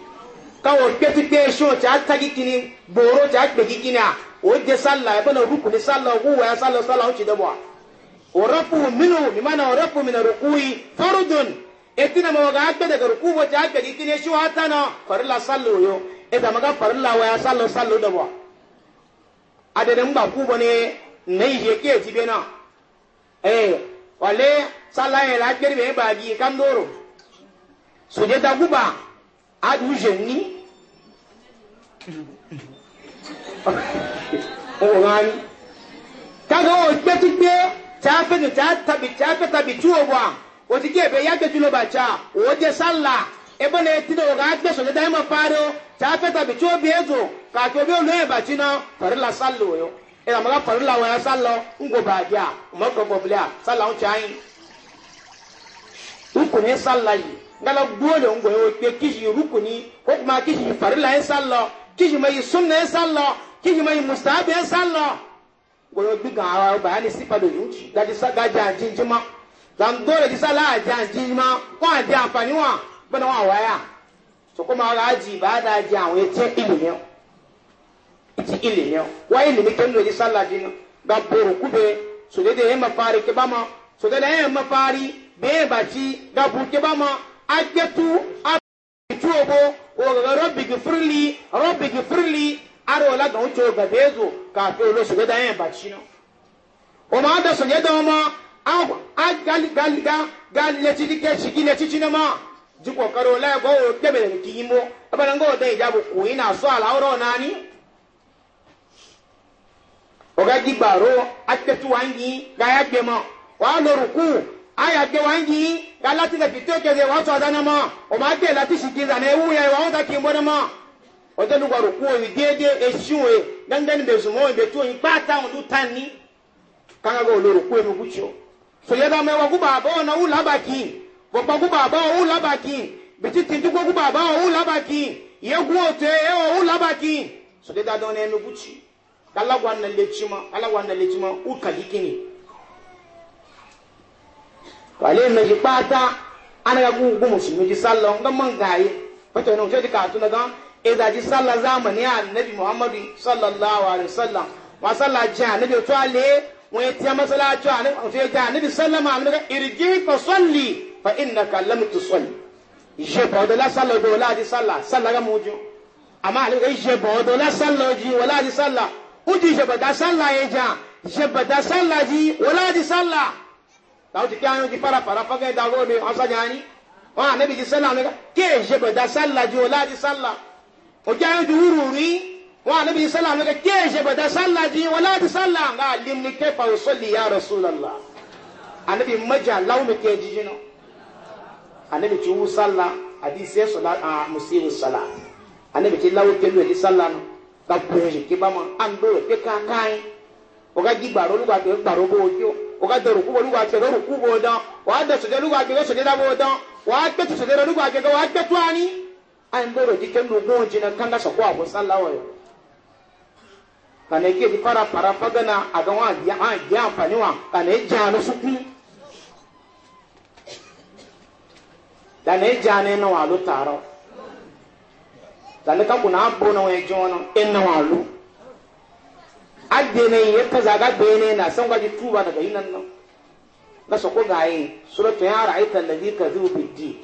kawo kpeti kpe shi o caa tagi kini gbooro caa kpeki kini a o de salla ebe na rukuni o o rafu minu mi ma o rafu mina rukuyi eti na daga ruku bo kini ata na farila maga farila o a ne ne na ee wale la kan adúlùjẹ ní ọ̀rọ̀ ayé táwọn ò gbé pípé tá a fẹ́nu tá a tàbí tá a fẹ́ tàbí tú òwò o ti gé ẹ̀bẹ̀ yá gbé tulo bàtà o jẹ sálà ebe na eti na ọ̀gá agbésọ̀ ní dáhùn parí o tá a o tàbí tú òbí ẹ̀dùn kàkí òbí olóyè bàtí náà kọ̀rìlà sálò o ẹ̀ làmọ́gá kọ̀rìlà wọn sálọ ńgò bàdí à mọ́kànbọ̀bìlì à sálà ń tẹ́ ayín nkùnrin sálà yìí ngala dole ngo yo pe kiji rukuni ko kuma kiji farilla en sallo kiji mai sunna en sallo kiji mai mustahab en sallo ngo yo biga awa ni? sifa do yunchi gadi sa gaja jinjima dan dole di sala aja jinjima ko aja afani wa bana wa waya so kuma ga aji ba da aji awon ete ilimi iti ilimi wa ilimi kendo di sala jin ga boru kube so de de mafari ke bama so de de mafari be bachi ga bu ke bama agbetu abitu obo ogaga rabbi gifirli rabbi gifirli ara wala gan wuce ga bezo kafin olo su gada yin baci no o ma da sanye da ma a gali gali ga gali leti dike shigi leti cina ma ji kokaro la go o kebe da ki yimo abana go da ijabu ko ina nani o ga digbaro agbetu wangi ga ya gbemo wa lo ruku haya ke wa ngi galati da kito ke de wa so adana mo o ma de lati shikiza na ewu ya wa ta ki mbona mo o de lugwa ruku o dede esiwe dangan be sumo be to yin pata on du tani kanga go lo ruku e mu gucho so yeda me wa guba ba na ula baki go pa guba ba ula baki biti tin dugo guba ba ula baki ye guo te e o ula baki so de da ya e mu guchi kala gwan na lechima kala gwan na lechima u kalikini wale na ji kpata ana ga gungu musulmi ji sallah ga man gaye wato ne wuce ji katu na ga idan ji sallah zamani ya annabi muhammadu sallallahu alaihi wasallam wa sallah ji annabi to ale wani tiya masalaci a nan wuce ji annabi sallama amma ga irji ka salli fa innaka lam tusalli je ba da la sallah do la ji sallah sallah ga muju amma ale ga je ba da la sallah ji wala ji sallah uji je ba da sallah ya ja je ba da sallah ji wala ji sallah tàwọn ti kí àwọn ti para para fọ́gẹ́ da owó mi ọ̀sán yẹn ani wọn ànábi ti sálà nígbà kí èyí bẹ̀dá sálà ju o ti sálà òjò àwọn ti wúrù rí wọn ànábi ti sálà nígbà kí èyí bẹ̀dá sálà ju ọ̀la ti sálà nga alim ni kẹfà òsòlì ya rasulala ànábi mẹjà láwọn mi kẹ́ jíjí nọ ànábi ti wú sálà àti sẹ́ sọ̀lá à mùsíwù sálà ànábi ti láwọn kẹ́lu ẹ̀ ti sálà nù ka gbẹ̀rẹ̀ kí an ma k'e ka gbẹ̀rẹ̀ kí ká káyìn gbaro jí gbàrọ̀ olúgbàgbẹ̀ gbaro b'o ojú. wọ́n dẹ̀ rùkú wọ́n lùgbà kẹ̀kẹ́ rùkú bò dán wọ́n á dẹ̀ sọ̀jẹ́ lùgbà kẹ̀kẹ́ sọ̀jẹ́ dábò dán wọ́n á gbẹ́tù sọ̀jẹ́ lùgbà kẹ̀kẹ́ wọ́n á gbẹ́tù ani. ayi n bọ̀rọ̀ dikẹ́ nu gbọ́n jìnnà kanga sọ̀kọ́ àbọ̀ sálàwọ̀ yẹ. kànà ike ti para para fagana àgbà wọn àgbẹ̀ a àǹfààní wa kànà ìjà àná sukùn. kànà ìjà àná ẹ̀nà wà ka tààrọ̀ kànà kakùnà na wa wọ́n ẹ̀jẹ̀ wọn náà ẹ̀nà wà ló. adene ya ta zaga bene na san gwaji tuba daga yinan nan ga su ko gaye suratu ya ra'aita allazi kadhu biddi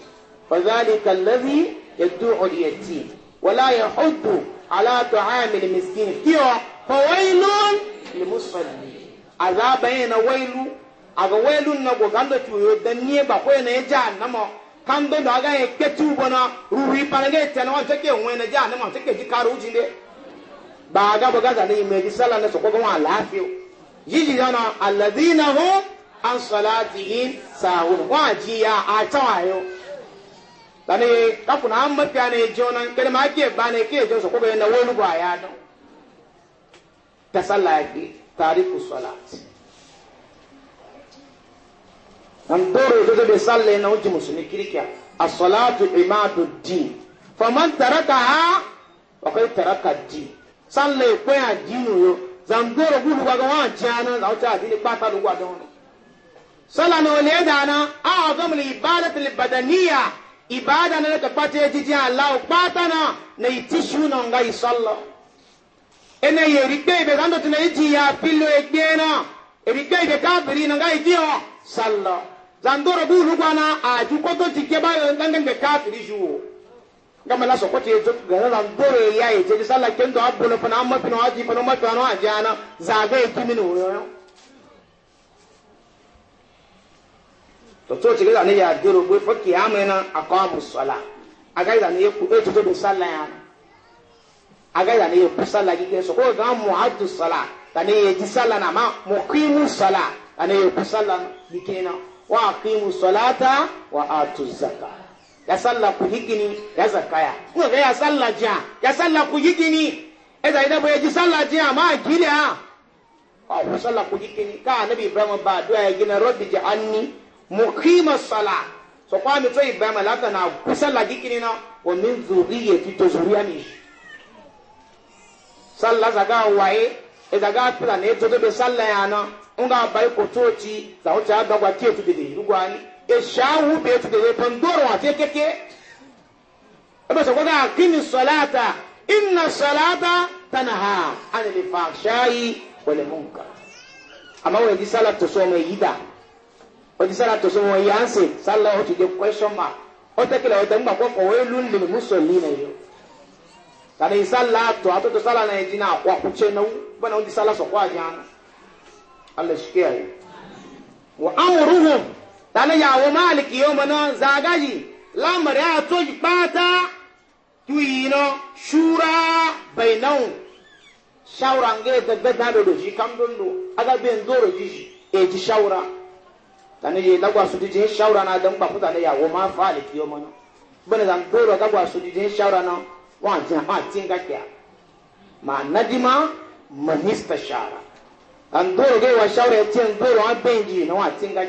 fa zalika allazi yad'u al-yatim wa la yahuddu ala ta'amil miskin kiyo fa wailun lil musallin azaba yana waylu aga wailu na go gando tuyo dan nie ba ko na ja namo kando do aga e ketu bona ruwi panage tano wa take wona ja namo take jikaru jinde ba ga ba gaza ne mai ji sallah na sokwa gwa lafiyo yiji yana alladhina hum an salatihim sahun wa ji ya a tawayo dani ka kuna an mafiya ne ji wannan kada ma ke ba ne ke jin sokwa yana wani gwa ya don ta sallah ki tarifu salat an dore da da sallah na wuce musulmi kirkiya as-salatu imadu din faman tarakaha faqad taraka din sanna ekpe a jinu yo zandoro gudu jana za uta adini pata du gwaga wono sala no li ibadatu li badaniya ibada na ka pata na na itishu na ngai sala ene ye rigbe be zando tuna iji ya pillo egbe na rigbe be kabiri na ngai dio sala zandoro gama la sɔkɔ te to gɛrɛ la gbore ya ye jeli sala kendo a bolo fana an ma fina waati fana ma fina wa jaana zaage ye kimi ni o yɔrɔ tɔtɔ tigɛ la ne y'a dero gbe fo kiya mɛ na a kɔ a bu sɔla a ka yira ne ye ku e toto do sala yan a ka yira ne ye ku sala yi kɛ sɔkɔ gan mu a tu sɔla ka ne ye ji sala na ma mu kiimu sɔla ka ne ye ku sala yi kɛ na wa kiimu sɔla ta wa a tu zaka. ya sallah ku higini ya zakaya kuma ga ya sallah jiya ya sallah ku higini e da idan bai ji sallah jiya ma gile ha wa ku sallah ku higini ka annabi ibrahim ba addu'a ya gina rabbi ja'alni muqima sala so kwa mi to ibrahim la ta na ku sallah higini na wa min zuriyati to ne sallah zaga waye e daga tula ne to to be sallah ya na nga bai ko toci za ho ta dogwa ke to be ni eshawu beti de pandoro ate keke ebe so kwada akimi salata inna salata tanaha ani li fahshayi wal munkar ama we di sala to so me yida o di sala to so mo yanse sala o ti de question mark o te kele o te ngba ko ko we lun le musolli na yo tani sala to ato to sala na jina kwa kuche na bana o di sala so kwa jana Allah shikia wa amruhum tana yawo maliki yau mana zagaji lamar a toji bata tuyino shura bai nau shawara ga da gada da doji kam dundu aga ben zoro ji e ji shawara tana je dagwa su ji shawara na dan ba kuta ne yawo ma faliki yau mana bane zan doro dagwa su ji shawara na wa ji ha tin ga kya ma najima manista shara an doro ga wa shawara tin doro an benji na wa tin ga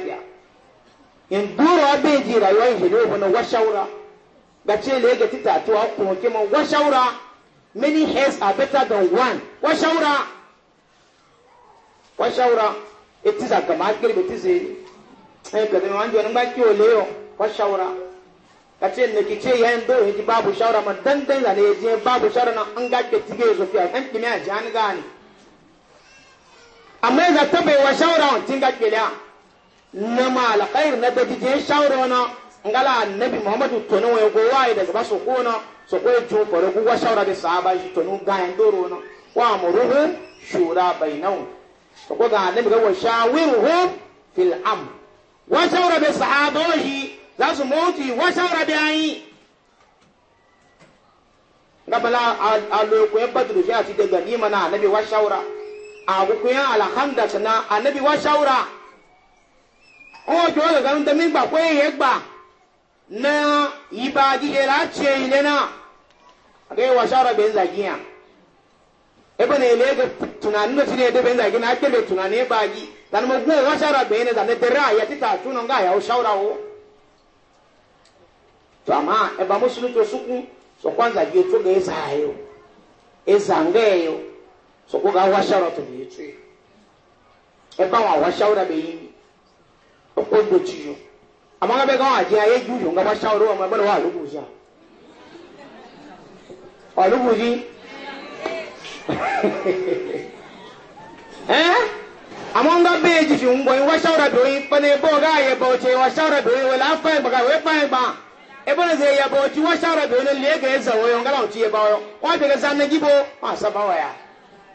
in gura bai ji rayuwar hilo bana washaura ga ce le ga ti tatuwa kuma kima washaura many heads are better than one washaura washaura eti za kama girbe ti ze eh ga ne wanjo nan ba ki o leyo washaura ka ce ne ki ce yayin do hiji babu shawara ma dan dan la ne je babu shawara na an ga ke tige zo fiya kan kimiya jani gani amma yanzu ta bai wa shawara on tinga kiliya na malakair na da jije shawara na ngala annabi muhammadu tonu wa go waye daga ba soko na soko ya jo fara go shawara da sahaba shi tonu ga yan doro na wa muruhu shura bainahu soko ga annabi ga wa shawiruhu fil am wa shawara da sahaboji za su moti wa shawara da ayi gabala alokuyen badru shi a ti daga nima na annabi wa shawara a kukuyen alhamdulillah na annabi wa shawara wọn tó lọ gan dami gbà pé yẹ gbà na ìbá jíjẹ láti ṣe ilé náà àgbẹ̀ wà sára bẹ́ẹ̀ zàgí yàn ebe na ele ga tunani no na-edebe benza na akebe tunani ba gi dan mo gwo wa shara be ne dan dera ya tita tuno nga ya o shaura o to ama e ba musulu to suku so kwanza gi to ga esa ayo esa ngeyo so sọkwa ga wa shawara to bi tui e ba wa wa shaura be o do ci yo amma ga be ga wa jiya ye ju yo ga ba shawro ma bala wa lu buja wa lu buji eh amma ga be ji fi un boy wa shawra do yi pane bo ga ye bo ce wa shawra do yi wala fa ba ga we fa ba e bo ze ya bo ci wa shawra do ne le ga za wo yo ga la ci ye ba yo wa be ga za ne gibo ma sa ba wa ya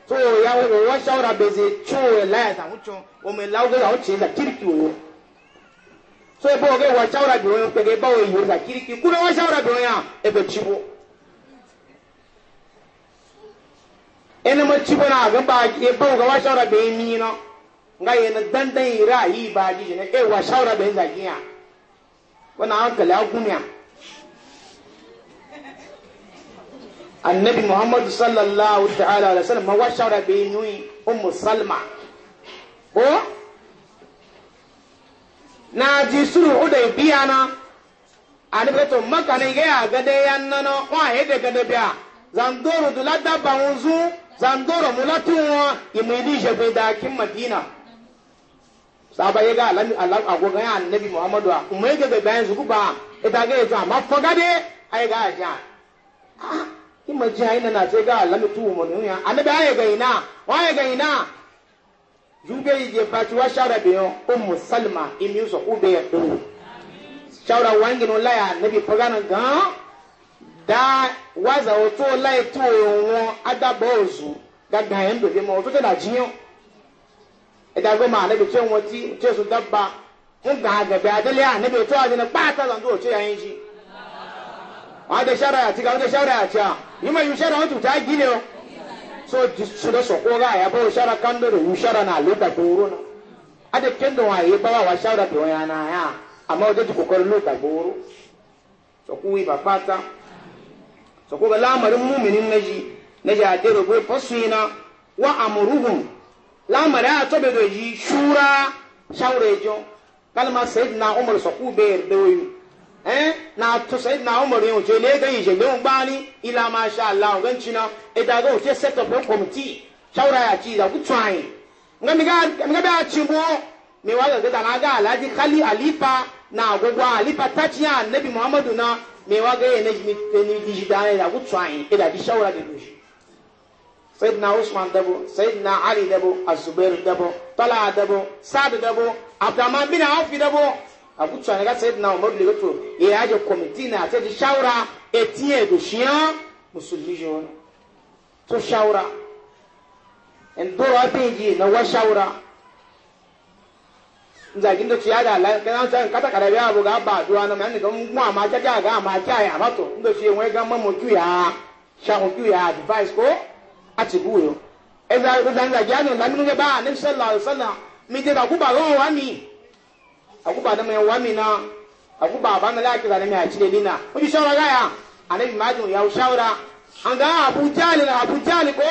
to ya wo wa o me la so ebe oge wa shawara bi onye mkpege ebe wani yurza kiriki kuna wa shawara bi onye a ebe cibo ene ma cibo na ga ba e ba ga wa shawara bi mi no nga ye dan dan a yi ba ji jene e wa shawara bi za giya na an kala gunya annabi muhammadu sallallahu ta'ala alaihi wasallam ma wa shawara bi nui ummu salma ko na ji sulhu da biya na alibeto maka ne ga gade yan nan wa he de gade biya zandoro dula da banzu zandoro mulatu wa imidi je be da kin madina saba ye ga alam alam agoga ya annabi muhammadu a kuma ye ga bayan zuku ba ita ga yato ma foga de ai ga ja ah kin maji ai na na ce ga alami tu mu ne ya annabi ai ga ina wa ga ina zuga yi je baci wa shara be yon ummu salma imi yusa ube ya do shawara wangi no laya nabi pagana gan da waza oto lai to won adabo ozu gaga yen do be mo to da jiyan e da ma nabi to e won ti to e so dabba mun ga ga be adale a nabi to adina pata lan do to yayin ji wa da shara ya ti ga da shara ya a ni ma yu shara on tu ta gile o so cire soko ga ya bo shara kandoro da yushara na luka doro na ade kendo wa yi bawa wa shara to ya na ya amma wajen ji kokarin luka doro so ku ba fata so ga lamarin muminin naji naji a dero go fasina wa amruhum lamara ya tobe da yi shura shawrejo kalma sayyidina umar so ku be da wayu eh na to sai na umar yin ce ne ga yin jindin bani ila ma sha Allah gan cina ida e ga ce set up committee shawara ya ci da ku tsayi ngam ga ngam ga ci bo me wa ga da na ga alaji khali alifa na agogo alifa tachi annabi muhammadu na me wa ga ne mi ni digital da ku tsayi ida e di shawara da dushi sayyidina usman dabo sayyidina ali dabo azubair dabo tala dabo sa'd dabo abdurrahman bin auf dabo abutsɔ ne ka sɛ na ɔmɔ bile to yɛ adi kɔmiti na ati shawura etie do shia musulmi yi wɔn to shawura ndoro abin yi na wa shawura nzagi ndo ya da la kana ga ba do ana ma ama ga ama ya to ndo ju ya ju ya advice ko ati bu anu na mi ne ba ne sallallahu alaihi mi de ba ku ba wa akuba da mai wami na akuba ba na laki da mai aci da nina ko ji shawara ga ya annabi majin ya shawara an ga abu jali na abu jali ko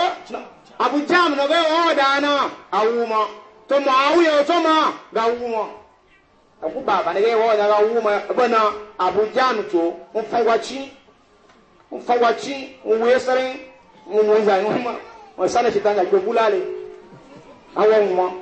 abu jam na ga o da na awuma to muawiya to ma ga awuma akuba ba na ga o da ga awuma bana abu jam to mun fawaci mun fawaci mun wesarin mun mun zai mun ma wa sana shi tanga ko bulale awon mu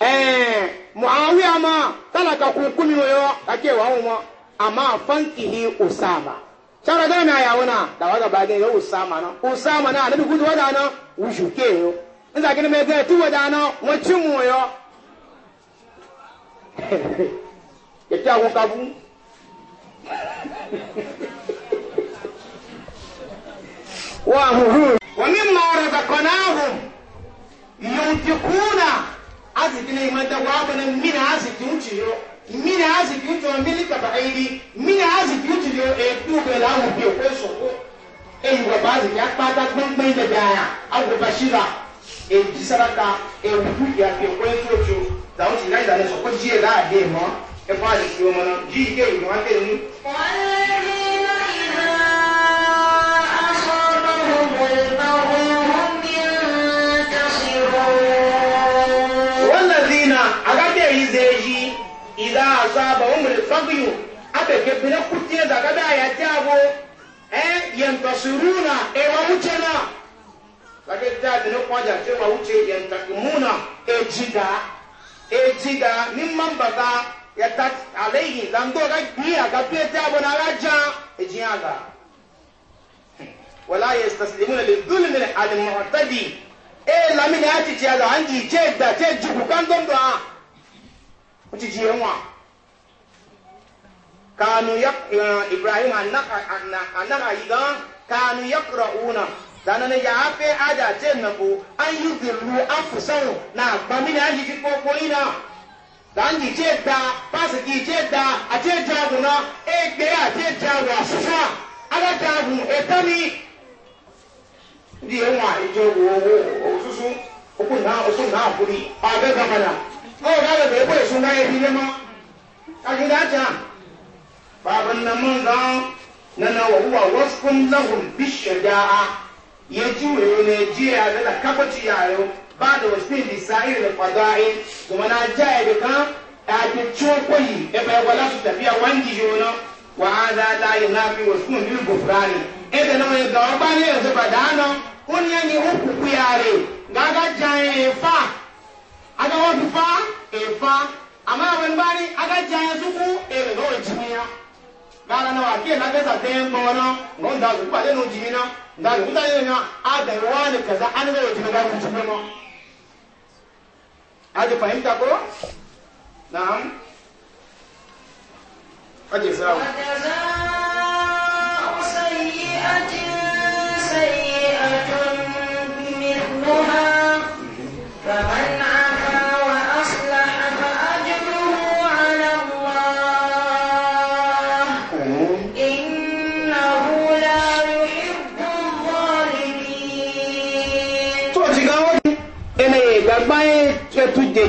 ɛɛ eh, muawiya ma tana ka kunkumi yo ka ke wa ma amma fankihi usama shara da na yawo na da waga bagin yo usama na usama na da gudu wada na wushu ke yo in za gina mai ga tu wada na wacin mu yo ya ta ko kabu wa hu wa mimma razaqnahum yunfiquna aziki na ima da waba na mina aziki uchi yo mina aziki uchi wa mili kabairi mina aziki uchi yo e dube la mu bi ko so ko e yuwa ba aziki akpata gbangba ida jaya awu bashira e jisaraka e wuku ya ke ko en to chu da uchi na ida ne so ko jie da de mo e fa aziki o mo na ji ke yuwa ke ni azaba wa mure fagiyu abe ke bina da ya jabo eh yantasiruna e wa wuce na lage da bina kwaja ce wa wuce yantakumuna e jida e jida min man bata ya ta alayhi dan do ga biya ga pe jabo na raja e jiyaga wala yastaslimuna lidhulmi al-mu'tadi e lamina ya ci ciya da an ji ce da ce jiku kan don do a ci ji yanwa kanu ya eh, ibrahim anak anak gan kanu ya kura'una dana ne ya fe aja ce na ko an yi birru an fusan na gbamini an jiji koko ina da an jije da pasi ki je da a je jagu na egbe a je jagu a sufa ala jagu etami ndi ye nwa ije wo wo osusu okun na osun na akuri pa be gabana o ga le be ko esun ga ebi le mo ka ki da ja babin na mun na na na wawuwa waskun lahun a ya juyo ne jiya da na kabaci yayo ba da wasu ne sa'ir da fada'i kuma na jaya da kan ɗakin cokoyi ya bai wala su tafiya wangi yona wa hada la yunafi waskun bil gufrani idan na mai gawa ba ne yanzu da nan kun yanyi uku gara na wa ke na kasa ta yin bawana wani da su kwaɗe nun jimina da su kuta yin yana a da yawa ne kaza an zai jimina da su kuma a ji fahimta ko na'am ake samu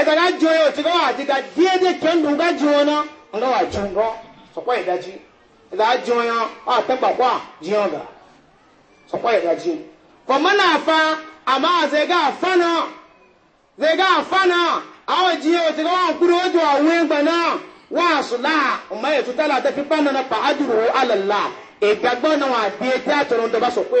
ẹ̀dọ̀ náà ju oyè òtún náà àdìgà díẹ̀dẹ̀ kẹ́ńdù ńgá ju wọn náà ńgá wà ju ńgọ́ sọ̀kọ́ ìdájí ẹ̀dọ̀ á ju wọn yàn àjíyàn gà sọ̀kọ́ ìdájí. kọ̀mọ́nà àfa àmọ́ àzẹ́gà àfa náà zẹ́gà àfa náà àwọn ìjìyà òtún náà kúrò ó jọ àwọn ẹgbẹ̀ náà wọ́n àṣùlá ọmọ ètò tẹ́lẹ̀ àtẹ́fipá náà pa ájúrò alàlá ìgbàgbọ́ náà àdìyẹ tí àtọ̀rọ̀ ń sọ̀kọ́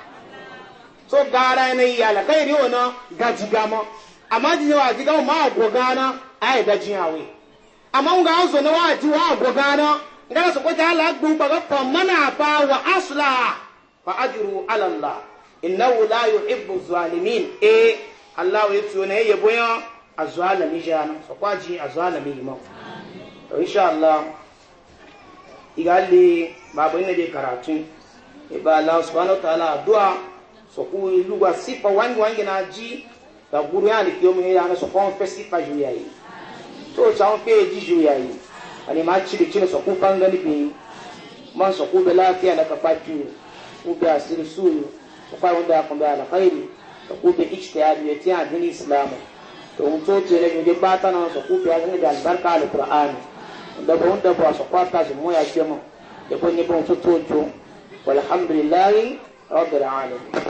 so gara na yi alakairi wani gama amma jini wa jiga ma go gana a yi dajin awe amma ga an zo na wa ji wa agwagana ngana su kwata ala gbogbo ga famana ba wa asla fa ajiru alalla innahu la yuhibbu zalimin eh allah ya tuyo na yabo ya azalami jana so kwaji azalami imam to insha allah igali babu ina dai karatu iba e allah subhanahu wa ta'ala addu'a soku lugwa sifa wangi wangi na ji da guru ya ni kiyomu ya na soku on fesi pa ju to cha on ji ju yi ani ma chi chi soku panga bi man soku be la ti ana be asiri suyu ko fa wanda ko be ala khairi soku be ijtihad ya ti adini to un to tele yu de bata na soku be azani da albarka al qur'an da ba wanda ba soku ta ji mo ya kemo ko ni ba to to walhamdulillahi rabbil alamin